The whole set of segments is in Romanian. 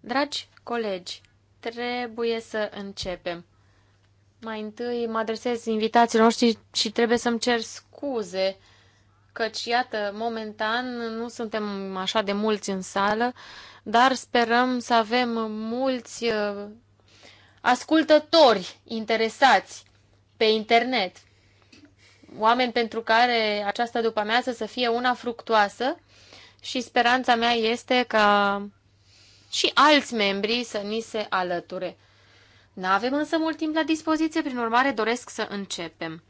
Dragi colegi, trebuie să începem. Mai întâi mă adresez invitațiilor noștri și trebuie să-mi cer scuze, căci, iată, momentan nu suntem așa de mulți în sală, dar sperăm să avem mulți uh, ascultători interesați pe internet oameni pentru care această după-amiază să fie una fructuoasă și speranța mea este ca și alți membri să ni se alăture. Nu avem însă mult timp la dispoziție, prin urmare doresc să începem.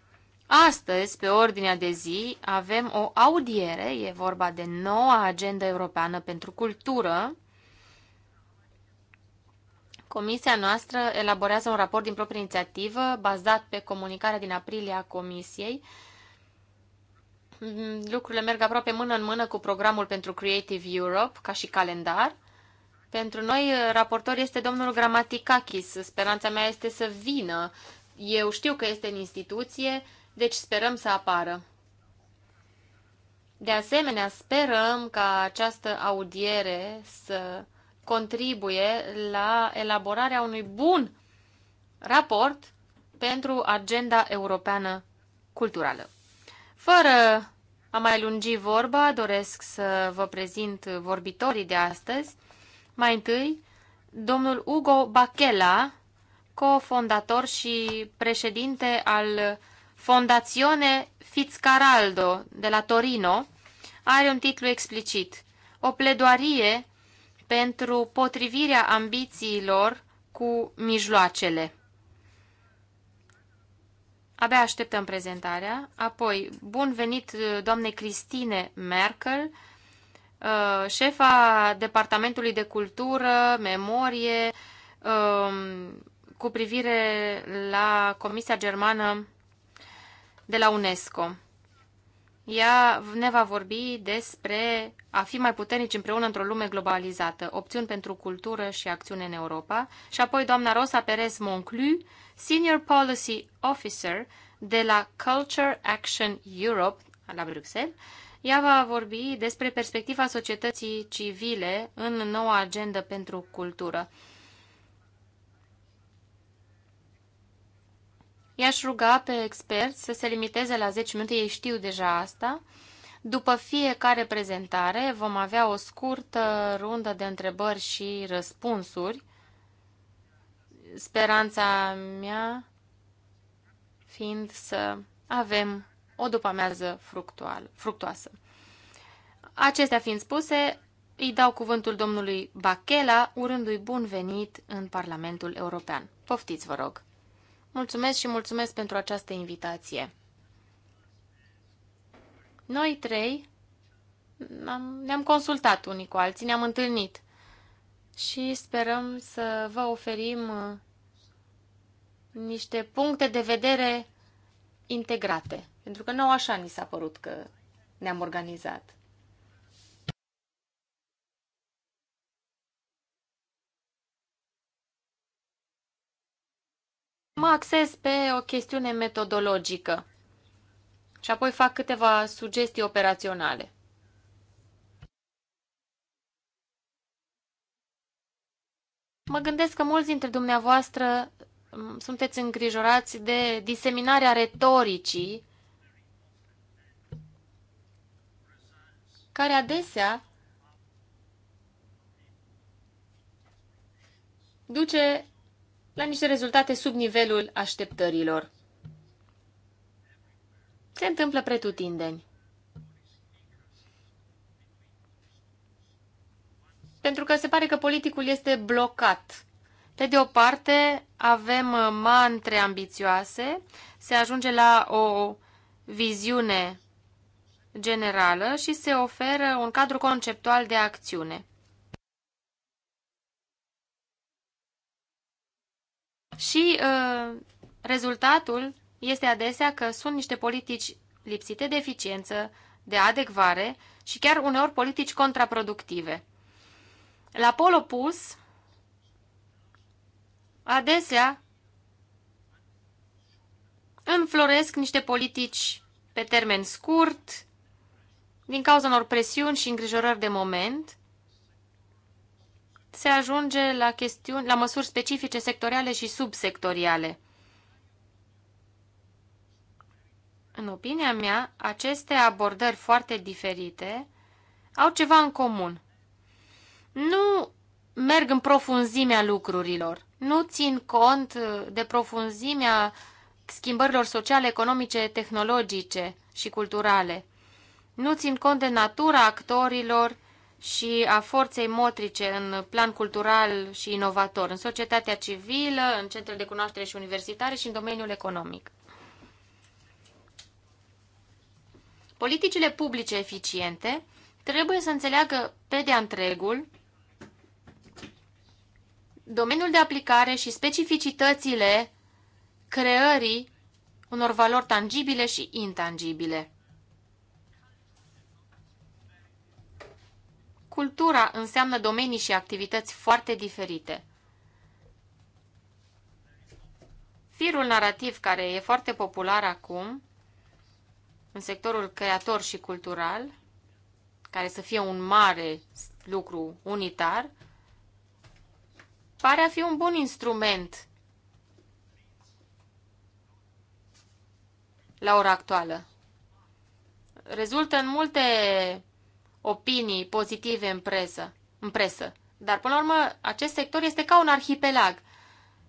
Astăzi, pe ordinea de zi, avem o audiere, e vorba de noua agenda europeană pentru cultură, Comisia noastră elaborează un raport din proprie inițiativă bazat pe comunicarea din aprilie a Comisiei. Mm, lucrurile merg aproape mână în mână cu programul pentru Creative Europe ca și calendar. Pentru noi, raportor este domnul Gramaticakis. Speranța mea este să vină. Eu știu că este în instituție, deci sperăm să apară. De asemenea, sperăm ca această audiere să contribuie la elaborarea unui bun raport pentru agenda europeană culturală. Fără a mai lungi vorba, doresc să vă prezint vorbitorii de astăzi. Mai întâi, domnul Ugo Bachela, cofondator și președinte al Fondazione Fitzcaraldo de la Torino, are un titlu explicit, o pledoarie pentru potrivirea ambițiilor cu mijloacele. Abia așteptăm prezentarea. Apoi, bun venit doamne Cristine Merkel, uh, șefa Departamentului de Cultură, Memorie, um, cu privire la Comisia Germană de la UNESCO. Ea ne va vorbi despre a fi mai puternici împreună într-o lume globalizată, opțiuni pentru cultură și acțiune în Europa, și apoi doamna Rosa Perez Monclu, Senior Policy Officer de la Culture Action Europe la Bruxelles. Ea va vorbi despre perspectiva societății civile în noua agendă pentru cultură. I-aș ruga pe experți să se limiteze la 10 minute, ei știu deja asta. După fiecare prezentare vom avea o scurtă rundă de întrebări și răspunsuri. Speranța mea fiind să avem o după-amiază fructoasă. Acestea fiind spuse, îi dau cuvântul domnului Bachela, urându-i bun venit în Parlamentul European. Poftiți, vă rog! Mulțumesc și mulțumesc pentru această invitație. Noi trei ne-am consultat unii cu alții, ne-am întâlnit și sperăm să vă oferim uh, niște puncte de vedere integrate. Pentru că nu așa ni s-a părut că ne-am organizat. mă axez pe o chestiune metodologică și apoi fac câteva sugestii operaționale. Mă gândesc că mulți dintre dumneavoastră mm, sunteți îngrijorați de diseminarea retoricii care adesea duce la niște rezultate sub nivelul așteptărilor. Se întâmplă pretutindeni. Pentru că se pare că politicul este blocat. Pe de o parte, avem mantre ambițioase, se ajunge la o viziune generală și se oferă un cadru conceptual de acțiune. Și uh, rezultatul este adesea că sunt niște politici lipsite de eficiență, de adecvare și chiar uneori politici contraproductive. La pol opus, adesea înfloresc niște politici pe termen scurt, din cauza unor presiuni și îngrijorări de moment, se ajunge la, chestiuni, la măsuri specifice sectoriale și subsectoriale. În opinia mea, aceste abordări foarte diferite au ceva în comun. Nu merg în profunzimea lucrurilor, nu țin cont de profunzimea schimbărilor sociale, economice, tehnologice și culturale. Nu țin cont de natura actorilor și a forței motrice în plan cultural și inovator, în societatea civilă, în centrele de cunoaștere și universitare și în domeniul economic. Politicile publice eficiente trebuie să înțeleagă pe de-a întregul domeniul de aplicare și specificitățile creării unor valori tangibile și intangibile. cultura înseamnă domenii și activități foarte diferite. Firul narrativ care e foarte popular acum în sectorul creator și cultural, care să fie un mare lucru unitar, pare a fi un bun instrument la ora actuală. Rezultă în multe opinii pozitive în presă, în presă. Dar, până la urmă, acest sector este ca un arhipelag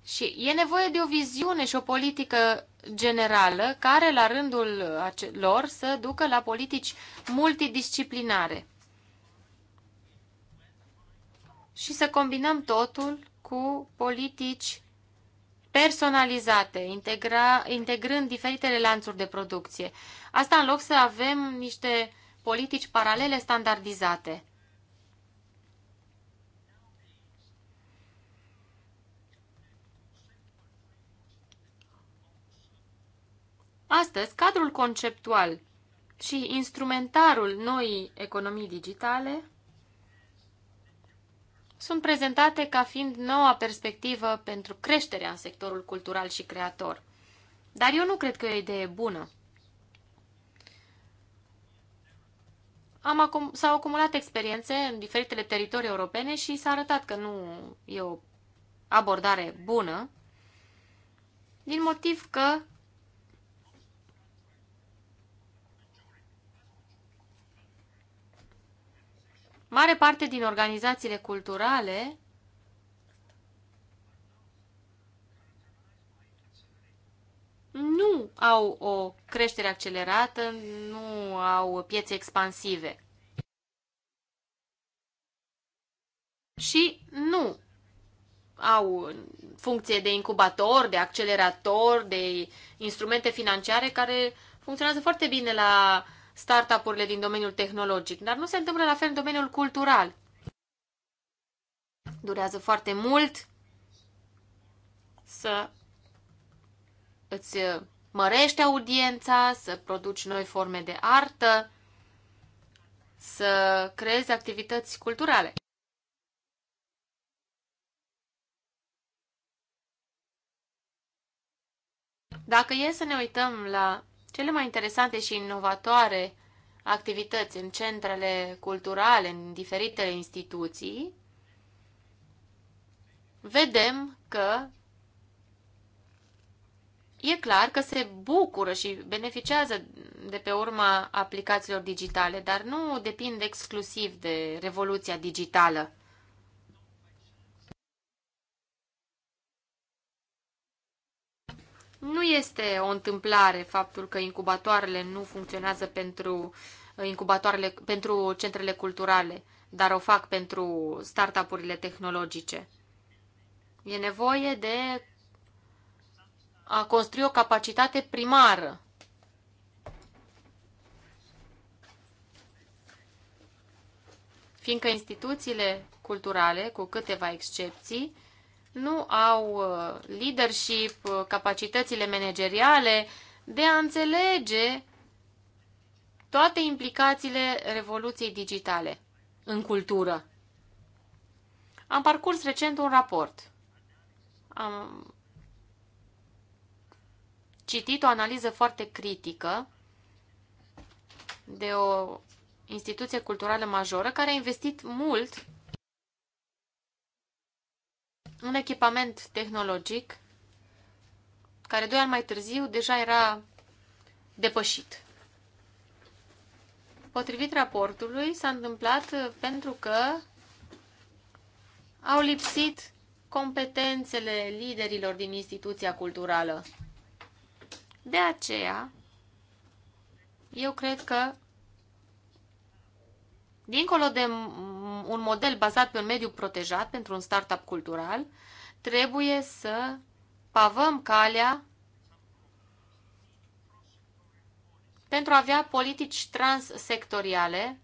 și e nevoie de o viziune și o politică generală care, la rândul lor, să ducă la politici multidisciplinare. Și să combinăm totul cu politici personalizate, integra, integrând diferitele lanțuri de producție. Asta în loc să avem niște politici paralele standardizate. Astăzi, cadrul conceptual și instrumentarul noii economii digitale sunt prezentate ca fiind noua perspectivă pentru creșterea în sectorul cultural și creator. Dar eu nu cred că e o idee bună. am acum, s-au acumulat experiențe în diferitele teritorii europene și s-a arătat că nu e o abordare bună, din motiv că mare parte din organizațiile culturale nu au o creștere accelerată, nu au piețe expansive. Și nu au funcție de incubator, de accelerator, de instrumente financiare care funcționează foarte bine la startup-urile din domeniul tehnologic, dar nu se întâmplă la fel în domeniul cultural. Durează foarte mult să îți uh, mărești audiența, să produci noi forme de artă, să creezi activități culturale. Dacă e să ne uităm la cele mai interesante și inovatoare activități în centrele culturale, în diferitele instituții, vedem că e clar că se bucură și beneficiază de pe urma aplicațiilor digitale, dar nu depind exclusiv de revoluția digitală. Nu este o întâmplare faptul că incubatoarele nu funcționează pentru uh, incubatoarele pentru centrele culturale, dar o fac pentru startup-urile tehnologice. E nevoie de a construi o capacitate primară. Fiindcă instituțiile culturale, cu câteva excepții, nu au uh, leadership, uh, capacitățile manageriale de a înțelege toate implicațiile revoluției digitale în cultură. Am parcurs recent un raport. Am citit o analiză foarte critică de o instituție culturală majoră care a investit mult în echipament tehnologic care doi ani mai târziu deja era depășit. Potrivit raportului, s-a întâmplat pentru că au lipsit competențele liderilor din instituția culturală. De aceea, eu cred că, dincolo de un model bazat pe un mediu protejat pentru un startup cultural, trebuie să pavăm calea pentru a avea politici transsectoriale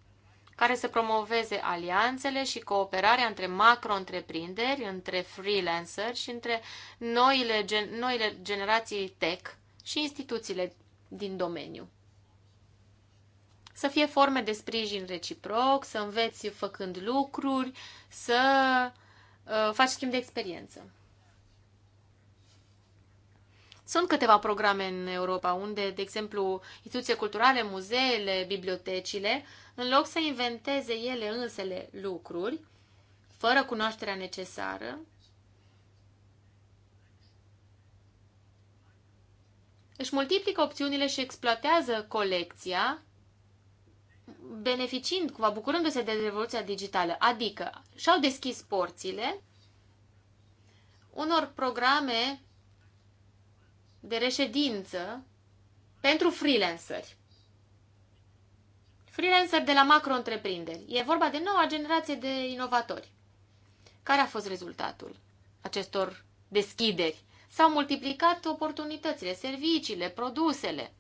care să promoveze alianțele și cooperarea între macro-întreprinderi, între freelanceri și între noile, gen, noile generații tech și instituțiile din domeniu. Să fie forme de sprijin reciproc, să înveți făcând lucruri, să uh, faci schimb de experiență. Sunt câteva programe în Europa unde, de exemplu, instituții culturale, muzeele, bibliotecile, în loc să inventeze ele însele lucruri, fără cunoașterea necesară, își multiplică opțiunile și exploatează colecția, beneficiind, cumva, bucurându-se de revoluția digitală. Adică și-au deschis porțile unor programe de reședință pentru freelanceri. Freelanceri de la macro-întreprinderi. E vorba de noua generație de inovatori. Care a fost rezultatul acestor deschideri? S-au multiplicat oportunitățile, serviciile, produsele.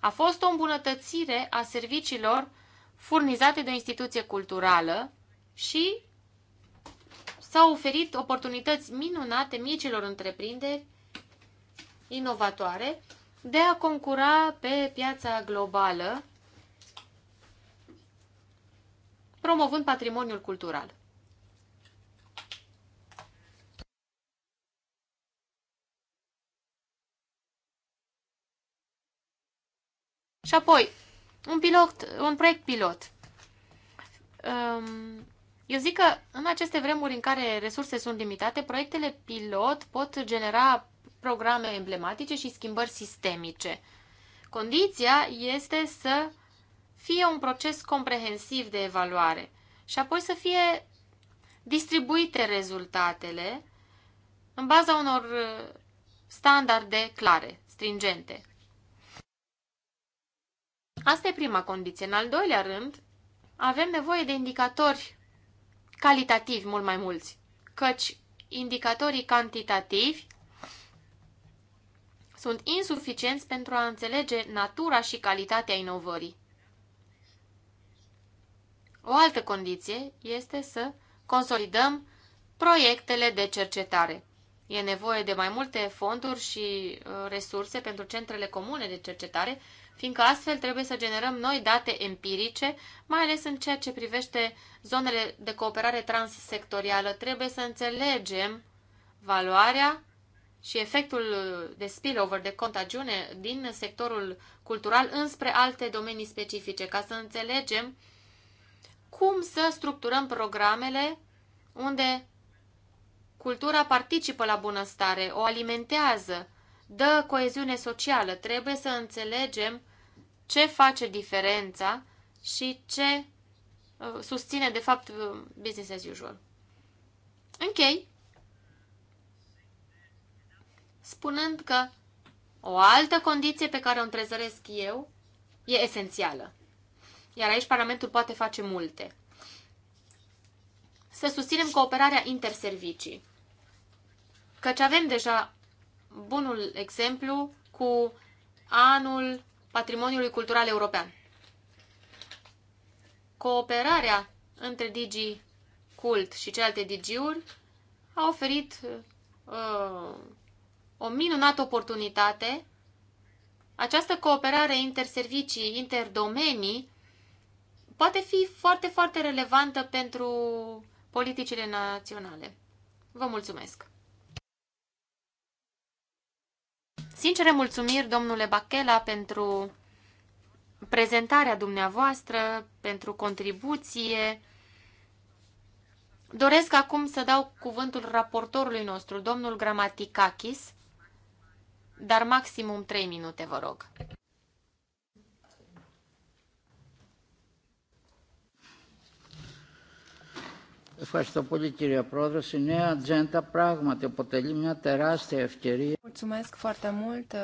A fost o îmbunătățire a serviciilor furnizate de o instituție culturală și s-au oferit oportunități minunate micilor întreprinderi inovatoare de a concura pe piața globală promovând patrimoniul cultural. Și apoi, un pilot, un proiect pilot. Ehm, eu zic că în aceste vremuri în care resurse sunt limitate, proiectele pilot pot genera programe emblematice și schimbări sistemice. Condiția este să fie un proces comprehensiv de evaluare și apoi să fie distribuite rezultatele în baza unor eh, standarde clare, stringente. Asta e prima condiție. În al doilea rând, avem nevoie de indicatori calitativi mult mai mulți, căci indicatorii cantitativi sunt insuficienți pentru a înțelege natura și calitatea inovării. O altă condiție este să consolidăm proiectele de cercetare. E nevoie de mai multe fonduri și uh, resurse pentru centrele comune de cercetare fiindcă astfel trebuie să generăm noi date empirice, mai ales în ceea ce privește zonele de cooperare transsectorială. Trebuie să înțelegem valoarea și efectul de spillover, de contagiune din sectorul cultural înspre alte domenii specifice, ca să înțelegem cum să structurăm programele unde cultura participă la bunăstare, o alimentează, dă coeziune socială. Trebuie să înțelegem ce face diferența și ce uh, susține, de fapt, uh, business as usual. Ok. spunând că o altă condiție pe care o întrezăresc eu e esențială. Iar aici Parlamentul poate face multe. Să susținem cooperarea interservicii. Căci avem deja bunul exemplu cu anul patrimoniului cultural european. Cooperarea între Digi Cult și celelalte digiuri a oferit uh, o minunată oportunitate. Această cooperare interservicii, interdomenii, poate fi foarte, foarte relevantă pentru politicile naționale. Vă mulțumesc! Sincere mulțumiri, domnule Bachela, pentru prezentarea dumneavoastră, pentru contribuție. Doresc acum să dau cuvântul raportorului nostru, domnul Gramaticakis, dar maximum 3 minute, vă rog. Ευχαριστώ πολύ κυρία Πρόεδρε. Η νέα ατζέντα πράγματι αποτελεί μια τεράστια ευκαιρία. Mulțumesc foarte mult,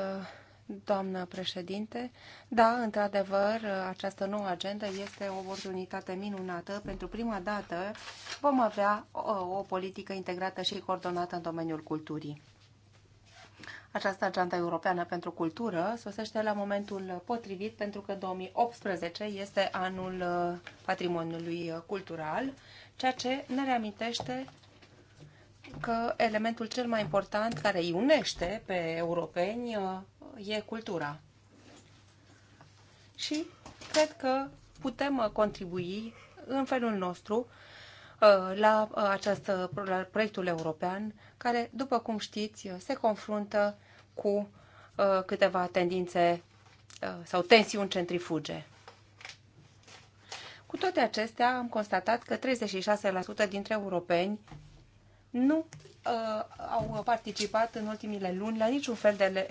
doamnă președinte. Da, într-adevăr, această nouă agendă este o oportunitate minunată. Pentru prima dată vom avea o, o politică integrată și coordonată în domeniul culturii. Această agenda europeană pentru cultură sosește la momentul potrivit pentru că 2018 este anul uh, patrimoniului uh, cultural ceea ce ne reamintește că elementul cel mai important care îi unește pe europeni uh, e cultura. Și cred că putem uh, contribui în felul nostru uh, la, acest proiectul european, care, după cum știți, se confruntă cu câteva tendințe sau tensiuni centrifuge. Cu toate acestea, am constatat că 36% dintre europeni nu uh, au participat în ultimile luni la niciun fel de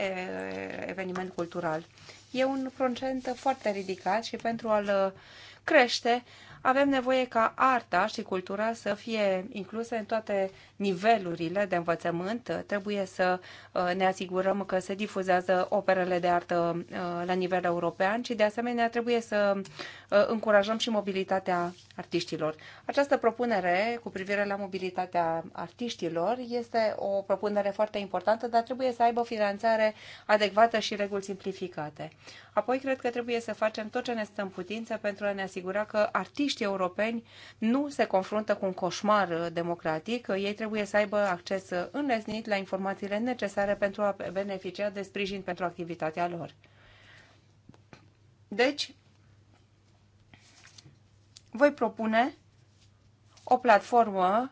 eveniment cultural. E un procent foarte ridicat și pentru a-l uh, crește avem nevoie ca arta și cultura să fie incluse în toate nivelurile de învățământ, trebuie să uh, ne asigurăm că se difuzează operele de artă uh, la nivel european și de asemenea trebuie să uh, încurajăm și mobilitatea artiștilor. Această propunere cu privire la mobilitatea artiștilor este o propunere foarte importantă, dar trebuie să aibă finanțare adecvată și reguli simplificate. Apoi cred că trebuie să facem tot ce ne stă în putință pentru a ne asigura că artiștii europeni nu se confruntă cu un coșmar democratic, ei trebuie trebuie să aibă acces înlesnit la informațiile necesare pentru a beneficia de sprijin pentru activitatea lor. Deci, voi propune o platformă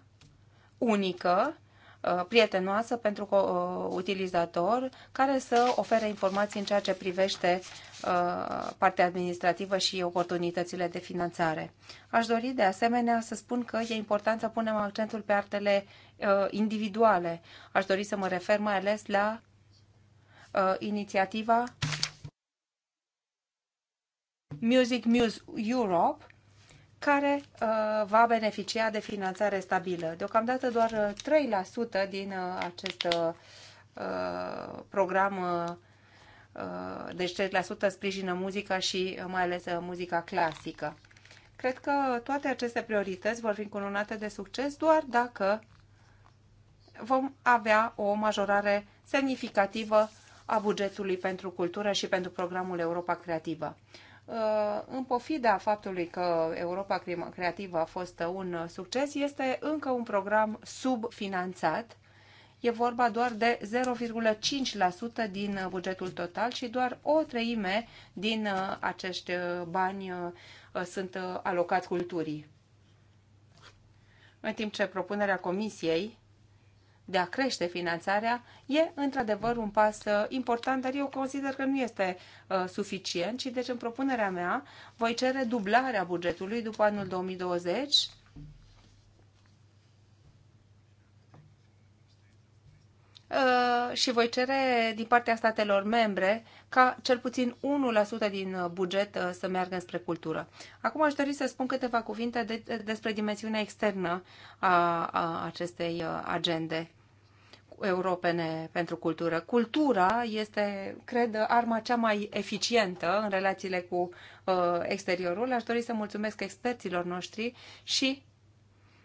unică, uh, prietenoasă pentru uh, utilizator, care să ofere informații în ceea ce privește uh, partea administrativă și oportunitățile de finanțare. Aș dori de asemenea să spun că e important să punem accentul pe artele Uh, individuale. Aș dori să mă refer mai ales la uh, inițiativa Music Muse Europe, care uh, va beneficia de finanțare stabilă. Deocamdată doar 3% uh, din uh, acest uh, program, uh, deci 3% sprijină muzica și uh, mai ales uh, muzica clasică. Cred că toate aceste priorități vor fi încununate de succes doar dacă vom avea o majorare semnificativă a bugetului pentru cultură și pentru programul Europa Creativă. Uh, în pofida faptului că Europa Creativă a fost un succes, este încă un program subfinanțat. E vorba doar de 0,5% din bugetul total și doar o treime din uh, acești uh, bani sunt alocați culturii. În timp ce propunerea Comisiei de a crește finanțarea e într-adevăr un pas uh, important, dar eu consider că nu este uh, suficient și deci în propunerea mea voi cere dublarea bugetului după anul 2020 uh, și voi cere din partea statelor membre ca cel puțin 1% din uh, buget să meargă spre cultură. Acum aș dori să spun câteva cuvinte de, despre dimensiunea externă a, a acestei agende europene pentru cultură. Cultura este, cred, arma cea mai eficientă în relațiile cu uh, exteriorul. Aș dori să mulțumesc experților noștri și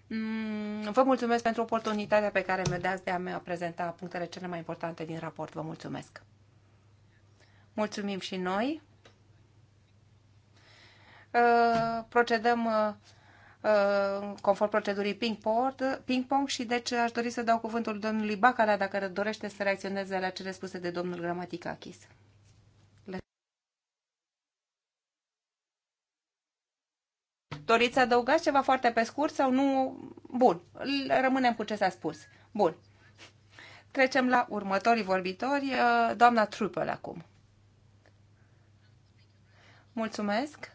mm, vă mulțumesc pentru oportunitatea pe care mi-o dați de a mea prezenta punctele cele mai importante din raport. Vă mulțumesc! Mulțumim și noi! Uh, procedăm uh, Uh, conform procedurii ping-pong și deci aș dori să dau cuvântul domnului Bacala dacă dorește să reacționeze la cele spuse de domnul Gramaticakis. Doriți să adăugați ceva foarte pe scurt sau nu? Bun, rămânem cu ce s-a spus. Bun. Trecem la următorii vorbitori, uh, doamna Trupel acum. Mulțumesc.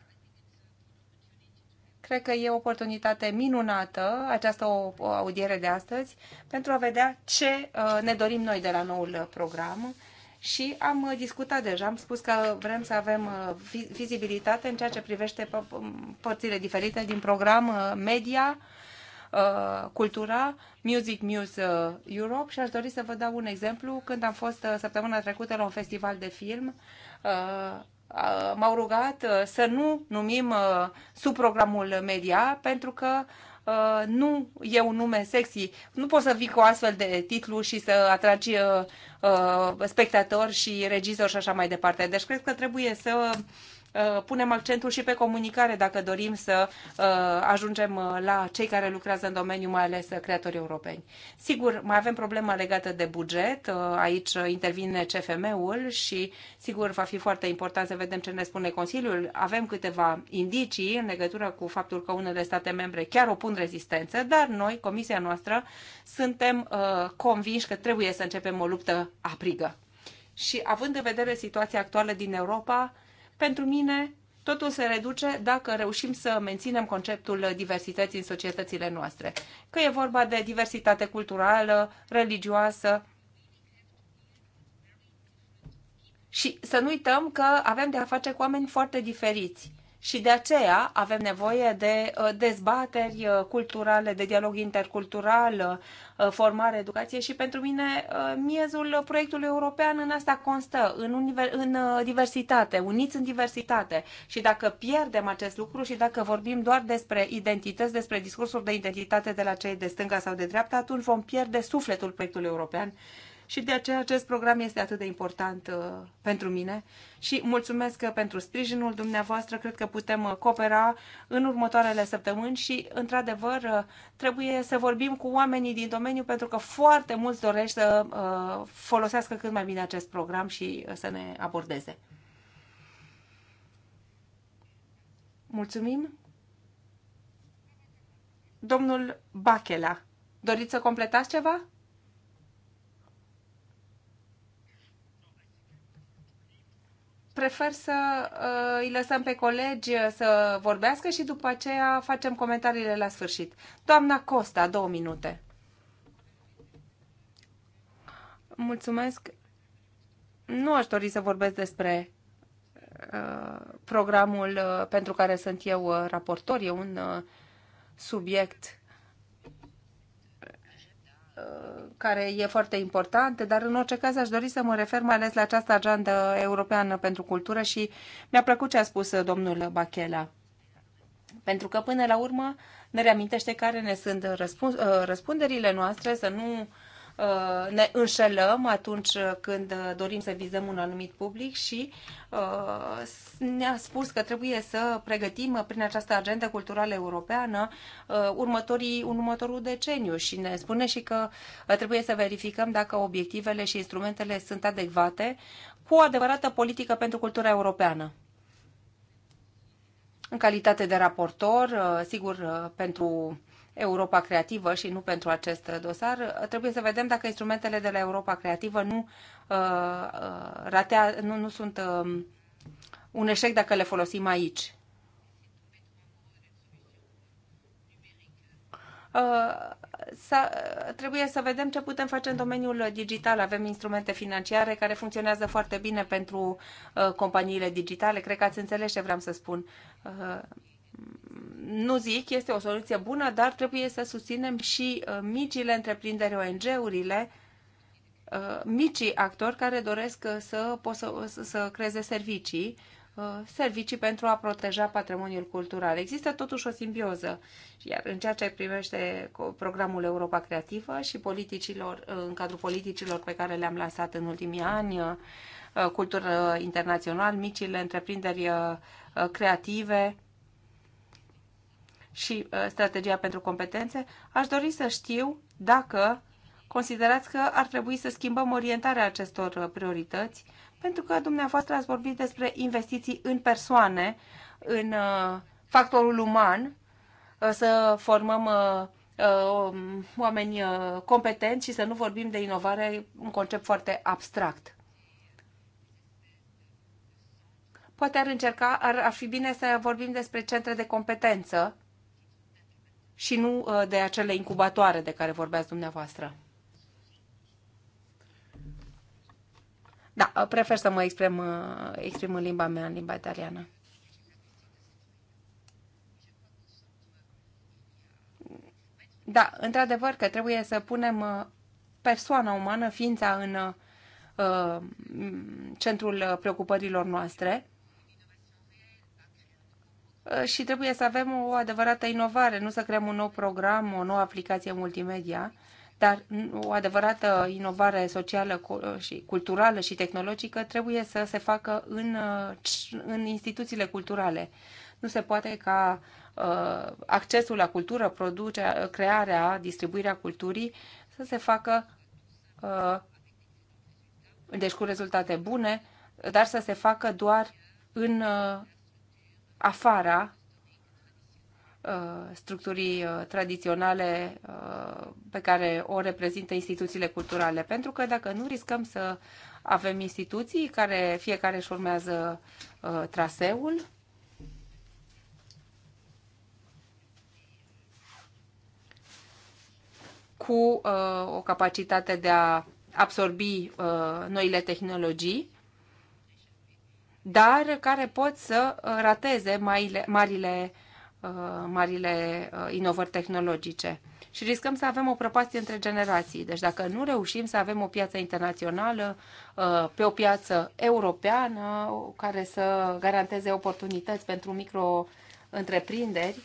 Cred că e o oportunitate minunată această audiere de astăzi pentru a vedea ce uh, ne dorim noi de la noul program și am uh, discutat deja, am spus că vrem să avem uh, vizibilitate în ceea ce privește părțile diferite din program media, cultura, Music News Europe și aș dori să vă dau un exemplu când am fost săptămâna trecută la un festival de film Uh, m-au rugat uh, să nu numim uh, sub programul media pentru că nu e un nume sexy. Nu poți să vii cu astfel de titlu și să atragi spectatori și regizori și așa mai departe. Deci cred că trebuie să Uh, punem accentul și pe comunicare dacă dorim să uh, ajungem uh, la cei care lucrează în domeniu, mai ales creatorii europeni. Sigur, mai avem problema legată de buget, aici intervine CFM-ul și sigur va fi foarte important să vedem ce ne spune Consiliul. Avem câteva indicii în legătură cu faptul că unele state membre chiar opun rezistență, dar noi, Comisia noastră, suntem convinși că trebuie să începem o luptă aprigă. Și având în vedere situația actuală din Europa, pentru mine, totul se reduce dacă reușim să menținem conceptul diversității în societățile noastre. Că e vorba de diversitate culturală, religioasă, și să nu uităm că avem de a face cu oameni foarte diferiți și de aceea avem nevoie de uh, dezbateri uh, culturale, de dialog intercultural, uh, formare, educație și pentru mine miezul proiectului european în asta constă, în, univer- în diversitate, uniți în diversitate și dacă pierdem acest lucru și dacă vorbim doar despre identități, despre discursuri de identitate de la cei de stânga sau de dreapta, atunci vom pierde sufletul proiectului european și de aceea acest program este atât de important uh, pentru mine și mulțumesc uh, pentru sprijinul dumneavoastră. Cred că putem uh, coopera în următoarele săptămâni și, într-adevăr, trebuie să vorbim cu oamenii din domeniu pentru că foarte mulți dorești să folosească cât mai bine acest program și să ne abordeze. Mulțumim! Domnul Bachela, doriți să completați ceva? prefer să uh, îi lăsăm pe colegi uh, să vorbească și după aceea facem comentariile la sfârșit. Doamna Costa, două minute. Mulțumesc. Nu aș dori să vorbesc despre uh, programul uh, pentru care sunt eu uh, raportor. E un uh, subiect care e foarte importantă, dar în orice caz aș dori să mă refer mai ales la această agendă europeană pentru cultură și mi-a plăcut ce a spus domnul Bachela. Pentru că până la urmă ne reamintește care ne sunt răspunderile noastre, să nu uh, Uh, ne înșelăm atunci când dorim să vizăm un anumit public și uh, ne-a spus că trebuie să pregătim prin această agendă culturală europeană uh, următorii, un următorul deceniu și ne spune și că trebuie să verificăm dacă obiectivele și instrumentele sunt adecvate cu o adevărată politică pentru cultura europeană în calitate de raportor, sigur, pentru Europa Creativă și nu pentru acest dosar. Trebuie să vedem dacă instrumentele de la Europa Creativă nu, uh, uh ratea, nu, nu sunt uh, un eșec dacă le folosim aici. Uh, să, trebuie să vedem ce putem face în domeniul digital. Avem instrumente financiare care funcționează foarte bine pentru uh, companiile digitale. Cred că ați înțeles ce vreau să spun. Uh, nu zic, este o soluție bună, dar trebuie să susținem și uh, micile întreprinderi, ONG-urile, uh, micii actori care doresc uh, să, să, să creeze servicii, servicii pentru a proteja patrimoniul cultural. Există totuși o simbioză, iar în ceea ce privește programul Europa Creativă și politicilor, în cadrul politicilor pe care le-am lansat în ultimii ani, cultură internațional, micile întreprinderi creative, și uh, strategia pentru competențe, aș dori să știu dacă considerați că ar trebui să schimbăm orientarea acestor uh, priorități, pentru că dumneavoastră ați vorbit despre investiții în persoane, în uh, factorul uman, să formăm oameni competenți și să nu vorbim de inovare, un concept foarte abstract. Poate ar încerca, ar, ar fi bine să vorbim despre centre de competență și nu uh, de acele incubatoare de care vorbeați dumneavoastră. Da, uh, prefer să mă exprim, uh, exprim în limba mea, în limba italiană. Da, într-adevăr că trebuie să punem persoana umană, ființa în centrul preocupărilor noastre Uh, și trebuie să avem o adevărată inovare, nu să creăm un nou program, o nouă aplicație multimedia, dar o adevărată inovare socială uh, și culturală și tehnologică trebuie să se facă în, uh, în instituțiile culturale. Nu se poate ca accesul la cultură, produce, crearea, distribuirea culturii să se facă deci cu rezultate bune, dar să se facă doar în afara uh, structurii uh, tradiționale uh, pe care o reprezintă instituțiile culturale. Pentru că dacă nu riscăm să avem instituții care fiecare își urmează traseul, cu o capacitate de a absorbi noile tehnologii, dar care pot să uh, rateze marile, uh, marile, marile uh, inovări tehnologice. Și riscăm să avem o prăpastie între generații. Deci dacă nu reușim să avem o piață internațională, pe o piață europeană, care să garanteze oportunități pentru micro-întreprinderi,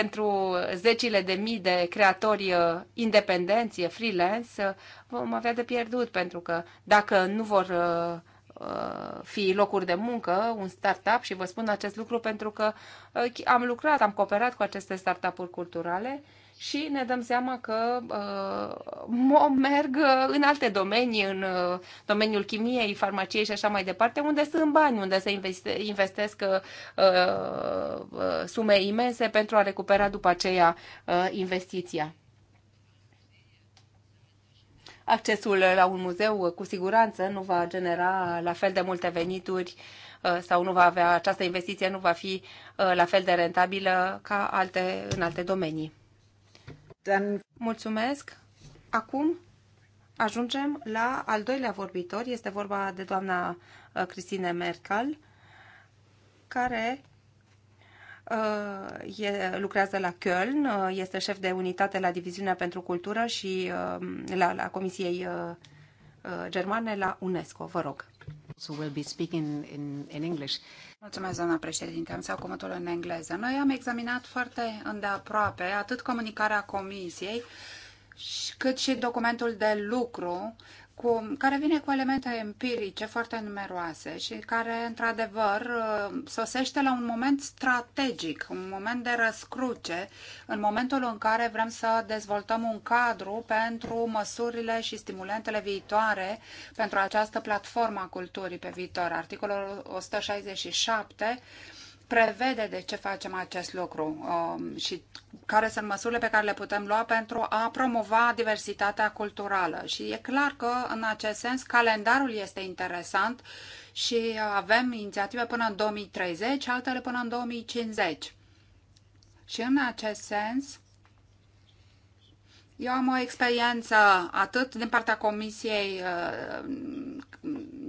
pentru zecile de mii de creatori uh, independenți, freelance, uh, vom avea de pierdut, pentru că dacă nu vor uh, fi locuri de muncă, un startup și vă spun acest lucru pentru că am lucrat, am cooperat cu aceste startup-uri culturale și ne dăm seama că uh, merg uh, în alte domenii, în uh, domeniul chimiei, farmaciei și așa mai departe, unde sunt bani, unde se investe, investesc uh, uh, sume imense pentru a recupera după aceea uh, investiția. Accesul la un muzeu uh, cu siguranță nu va genera la fel de multe venituri uh, sau nu va avea această investiție nu va fi la fel de rentabilă ca alte, în alte domenii. Then... Mulțumesc. Acum ajungem la al doilea vorbitor. Este vorba de doamna uh, Cristine Merkel, care uh, e, lucrează la Köln, uh, este șef de unitate la Diviziunea pentru Cultură și la, la Comisiei Germane la UNESCO. Vă rog. Mulțumesc, doamna președinte. Am să iau cuvântul în engleză. Noi am examinat foarte îndeaproape atât comunicarea comisiei, cât și documentul de lucru cu, care vine cu elemente empirice foarte numeroase și care, într-adevăr, uh, sosește la un moment strategic, un moment de răscruce, în momentul în care vrem să dezvoltăm un cadru pentru măsurile și stimulentele viitoare pentru această platformă a culturii pe viitor. Articolul 167 prevede de ce facem acest lucru um, și care sunt măsurile pe care le putem lua pentru a promova diversitatea culturală. Și e clar că, în acest sens, calendarul este interesant și avem inițiative până în 2030, altele până în 2050. Și în acest sens, eu am o experiență atât din partea Comisiei uh,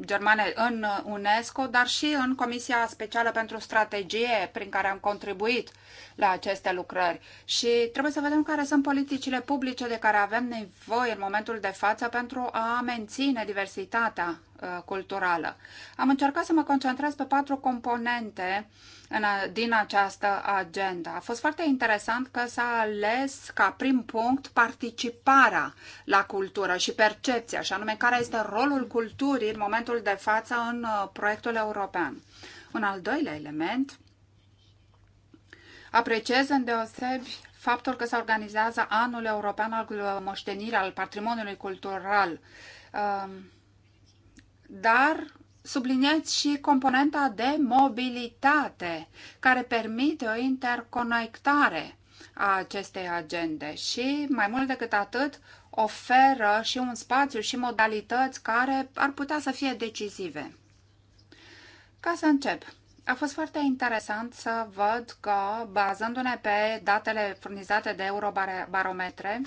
germane în UNESCO, dar și în Comisia Specială pentru Strategie, prin care am contribuit la aceste lucrări. Și trebuie să vedem care sunt politicile publice de care avem nevoie în momentul de față pentru a menține diversitatea uh, culturală. Am încercat să mă concentrez pe patru componente uh, în, din această agenda. A fost foarte interesant că s-a ales ca prim punct participarea la cultură și percepția, și anume care este rolul culturii în momentul de față în uh, proiectul european. Un al doilea element, apreciez îndeosebi faptul că se organizează anul european al uh, moștenirii al patrimoniului cultural. Um, dar subliniați și componenta de mobilitate, care permite o interconectare a acestei agende și, mai mult decât atât, oferă și un spațiu și modalități care ar putea să fie decisive. Ca să încep, a fost foarte interesant să văd că, bazându-ne pe datele furnizate de Eurobarometre,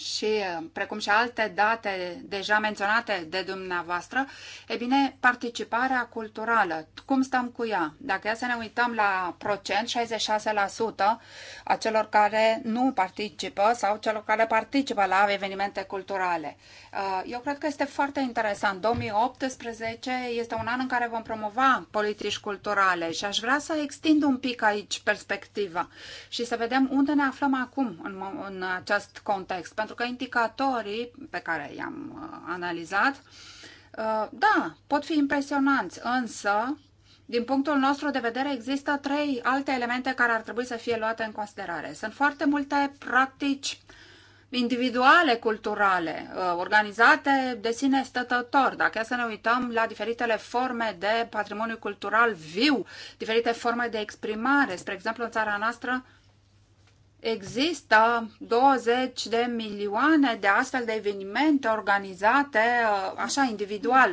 și precum și alte date deja menționate de dumneavoastră, e bine, participarea culturală, cum stăm cu ea? Dacă ea să ne uităm la procent, 66% a celor care nu participă sau celor care participă la evenimente culturale. Uh, eu cred că este foarte interesant. 2018 este un an în care vom promova politici culturale și aș vrea să extind un pic aici perspectiva și să vedem unde ne aflăm acum în, în acest context. Pentru pentru că indicatorii pe care i-am uh, analizat, uh, da, pot fi impresionanți, însă, din punctul nostru de vedere, există trei alte elemente care ar trebui să fie luate în considerare. Sunt foarte multe practici individuale culturale, uh, organizate de sine stătător. Dacă să ne uităm la diferitele forme de patrimoniu cultural viu, diferite forme de exprimare, spre exemplu în țara noastră, Există 20 de milioane de astfel de evenimente organizate uh, așa individual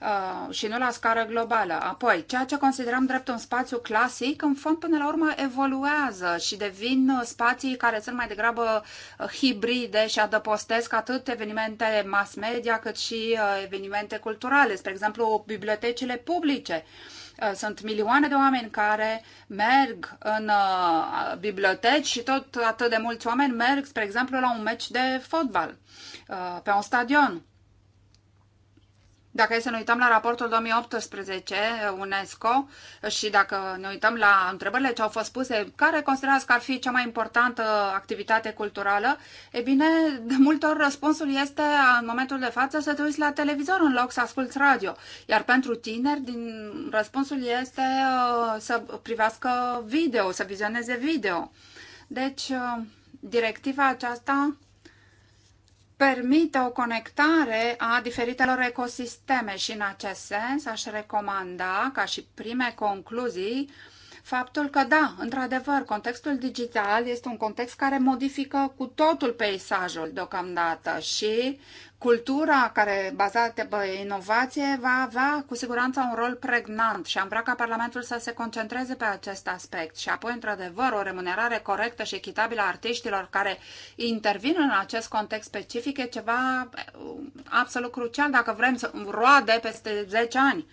uh, și nu la scară globală. Apoi, ceea ce considerăm drept un spațiu clasic, în fond, până la urmă, evoluează și devin uh, spații care sunt mai degrabă hibride și adăpostesc atât evenimente mass media cât și evenimente culturale, spre exemplu, bibliotecile publice. Uh, sunt milioane de oameni care merg în uh, biblioteci și tot atât de mulți oameni merg, spre exemplu, la un meci de fotbal, uh, pe un stadion. Dacă e să ne uităm la raportul 2018 uh, UNESCO și dacă ne uităm la întrebările ce au fost puse, care considerați că ar fi cea mai importantă activitate culturală, e bine, de multe ori răspunsul este în momentul de față să te uiți la televizor în loc să asculți radio. Iar pentru tineri, din, răspunsul este uh, să privească video, să vizioneze video. Deci, uh, directiva aceasta permite o conectare a diferitelor ecosisteme și în acest sens aș recomanda ca și prime concluzii faptul că, da, într-adevăr, contextul digital este un context care modifică cu totul peisajul deocamdată și cultura care bazată pe inovație va avea cu siguranță un rol pregnant și am vrea ca Parlamentul să se concentreze pe acest aspect și apoi, într-adevăr, o remunerare corectă și echitabilă a artiștilor care intervin în acest context specific e ceva eh, absolut crucial dacă vrem să roade peste 10 ani.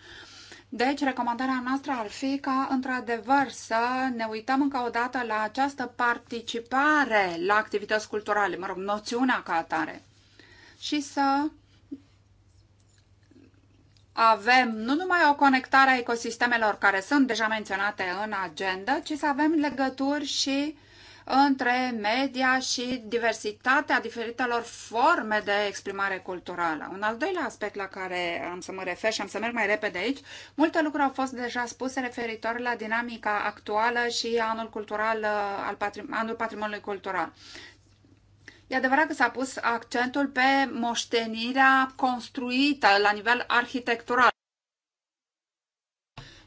Deci, recomandarea noastră ar fi ca, într-adevăr, să ne uităm încă o dată la această participare la activități culturale, mă rog, noțiunea ca atare, și să avem nu numai o conectare a ecosistemelor care sunt deja menționate în agenda, ci să avem legături și uh, între media și diversitatea diferitelor forme de exprimare culturală. Un al doilea aspect la care am să mă refer și am să merg mai repede aici, multe lucruri au fost deja spuse referitor la dinamica actuală și anul, cultural, uh, al patrim- anul patrimoniului cultural. E adevărat că s-a pus accentul pe moștenirea construită la nivel arhitectural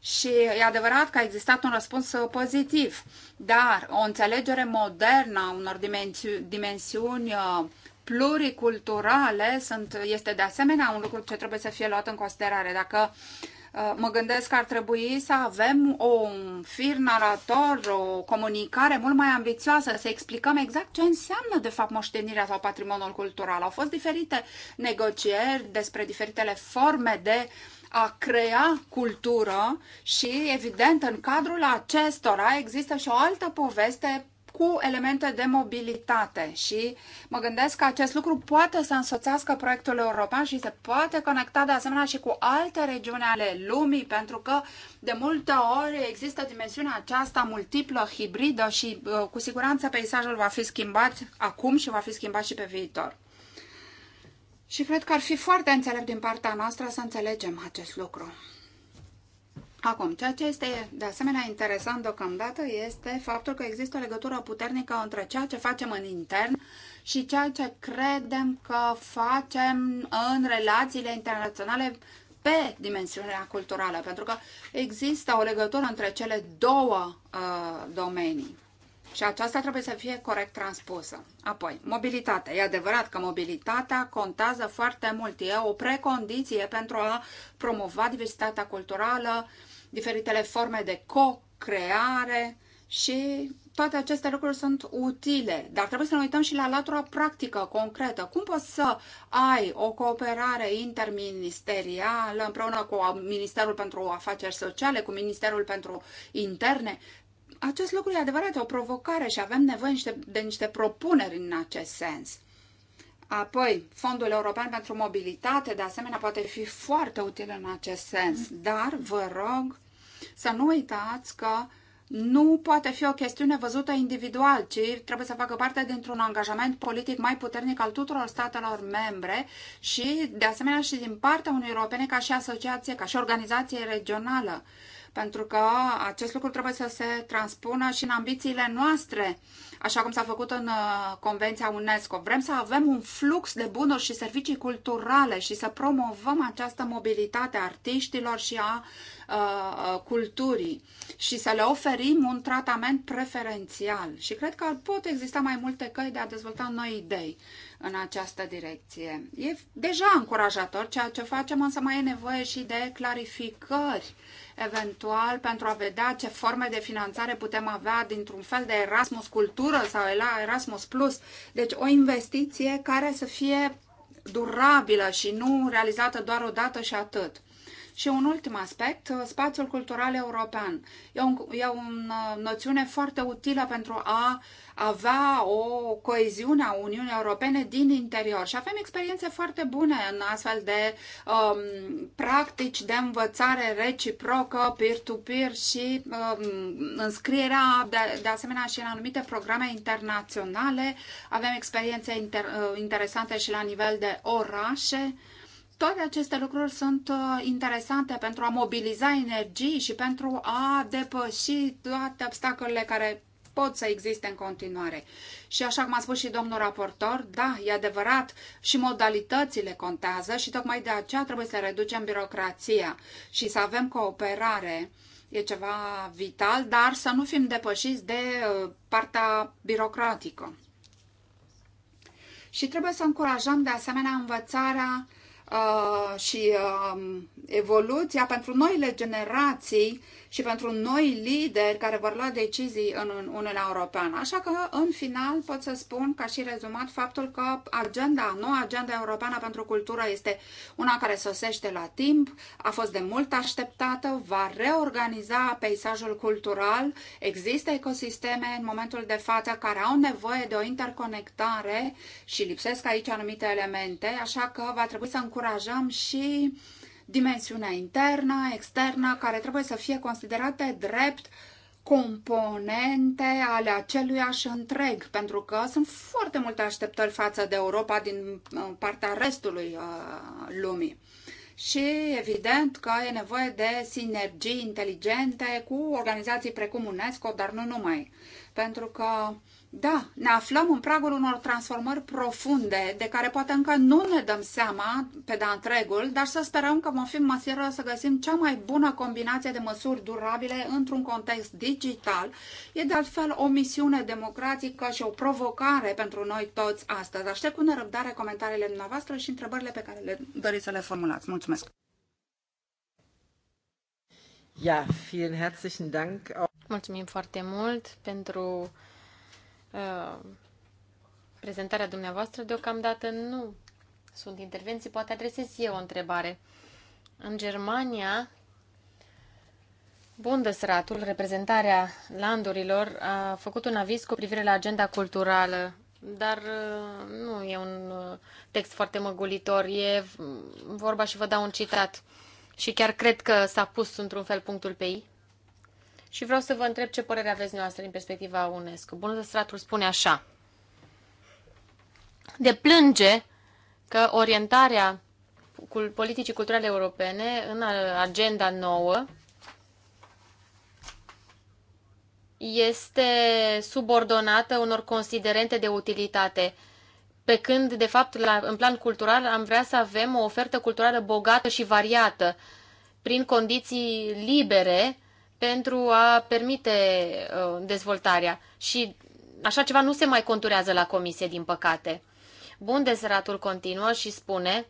și e adevărat că a existat un răspuns pozitiv, dar o înțelegere modernă a unor dimensi- dimensiuni uh, pluriculturale sunt, este de asemenea un lucru ce trebuie să fie luat în considerare. Dacă uh, mă gândesc că ar trebui să avem un fir narator, o comunicare mult mai ambițioasă, să explicăm exact ce înseamnă de fapt moștenirea sau patrimoniul cultural. Au fost diferite negocieri despre diferitele forme de uh, a crea cultură și, evident, în cadrul acestora există și o altă poveste cu elemente de mobilitate și mă gândesc că acest lucru poate să însoțească proiectul european și se poate conecta de asemenea și cu alte regiuni ale lumii, pentru că de multe ori există dimensiunea aceasta multiplă, hibridă și uh, cu siguranță peisajul va fi schimbat acum și va fi schimbat și pe viitor. Și cred că ar fi foarte înțelept din partea noastră să înțelegem acest lucru. Acum, ceea ce este de asemenea interesant deocamdată este faptul că există o legătură puternică între ceea ce facem în intern și ceea ce credem că facem în relațiile internaționale pe dimensiunea culturală, pentru că există o legătură între cele două uh, domenii. Și aceasta trebuie să fie corect transpusă. Apoi, mobilitatea. E adevărat că mobilitatea contează foarte mult. E o precondiție pentru a promova diversitatea culturală, diferitele forme de co-creare și toate aceste lucruri sunt utile, dar trebuie să ne uităm și la latura practică, concretă. Cum poți să ai o cooperare interministerială împreună cu Ministerul pentru Afaceri Sociale, cu Ministerul pentru Interne? Acest lucru e adevărat, o provocare și avem nevoie niște, de niște propuneri în acest sens. Apoi, Fondul European pentru Mobilitate, de asemenea, poate fi foarte util în acest sens, dar vă rog să nu uitați că nu poate fi o chestiune văzută individual, ci trebuie să facă parte dintr-un angajament politic mai puternic al tuturor statelor membre și, de asemenea, și din partea unui europene ca și asociație, ca și organizație regională pentru că acest lucru trebuie să se transpună și în ambițiile noastre, așa cum s-a făcut în uh, Convenția UNESCO. Vrem să avem un flux de bunuri și servicii culturale și să promovăm această mobilitate a artiștilor și a uh, uh, culturii și să le oferim un tratament preferențial. Și cred că pot exista mai multe căi de a dezvolta noi idei în această direcție. E deja încurajator ceea ce facem, însă mai e nevoie și de clarificări eventual pentru a vedea ce forme de finanțare putem avea dintr-un fel de Erasmus Cultură sau Erasmus Plus. Deci o investiție care să fie durabilă și nu realizată doar o dată și atât. Și un ultim aspect, uh, spațiul cultural european. E o, e o uh, noțiune foarte utilă pentru a avea o coeziune a Uniunii Europene din interior. Și avem experiențe foarte bune în astfel de um, practici de învățare reciprocă, peer-to-peer -peer și um, înscrierea de, de asemenea și în anumite programe internaționale. Avem experiențe inter, uh, interesante și la nivel de orașe. Toate aceste lucruri sunt uh, interesante pentru a mobiliza energii și pentru a depăși toate obstacolele care pot să existe în continuare. Și așa cum a spus și domnul raportor, da, e adevărat, și modalitățile contează și tocmai de aceea trebuie să reducem birocrația și să avem cooperare. E ceva vital, dar să nu fim depășiți de uh, partea birocratică. Și trebuie să încurajăm de asemenea învățarea uh, Uh, și uh, evoluția pentru noile generații și pentru noi lideri care vor lua decizii în Uniunea Europeană. Așa că, în final, pot să spun, ca și rezumat, faptul că agenda, noua agenda europeană pentru cultură este una care sosește la timp, a fost de mult așteptată, va reorganiza peisajul cultural. Există ecosisteme în momentul de față care au nevoie de o interconectare și lipsesc aici anumite elemente, așa că va trebui să încurajăm și uh, dimensiunea internă, externă, care trebuie să fie considerate drept componente ale aceluiași întreg, pentru că sunt foarte multe așteptări față de Europa din uh, partea restului uh, lumii. Și evident că e nevoie de sinergii inteligente cu organizații precum UNESCO, dar nu numai. Pentru că da, ne aflăm în pragul unor transformări profunde, de care poate încă nu ne dăm seama pe de întregul, dar să sperăm că vom fi în măsură să găsim cea mai bună combinație de măsuri durabile într-un context digital. E de altfel o misiune democratică și o provocare pentru noi toți astăzi. Aștept cu nerăbdare comentariile dumneavoastră și întrebările pe care le doriți să le formulați. Mulțumesc! Ja, vielen herzlichen Dank. Mulțumim foarte mult pentru Uh, prezentarea dumneavoastră. Deocamdată nu sunt intervenții, poate adresez eu o întrebare. În Germania, Bundesratul, reprezentarea landurilor, a făcut un aviz cu privire la agenda culturală, dar uh, nu e un uh, text foarte măgulitor, e vorba și vă dau un citat. Și chiar cred că s-a pus într-un fel punctul pe ei și vreau să vă întreb ce părere aveți noastră din perspectiva UNESCO. Bunul stratul spune așa. plânge că orientarea politicii culturale europene în agenda nouă este subordonată unor considerente de utilitate, pe când, de fapt, la, în plan cultural am vrea să avem o ofertă culturală bogată și variată, prin condiții libere, pentru a permite uh, dezvoltarea. Și așa ceva nu se mai conturează la comisie, din păcate. Bun desratul continuă și spune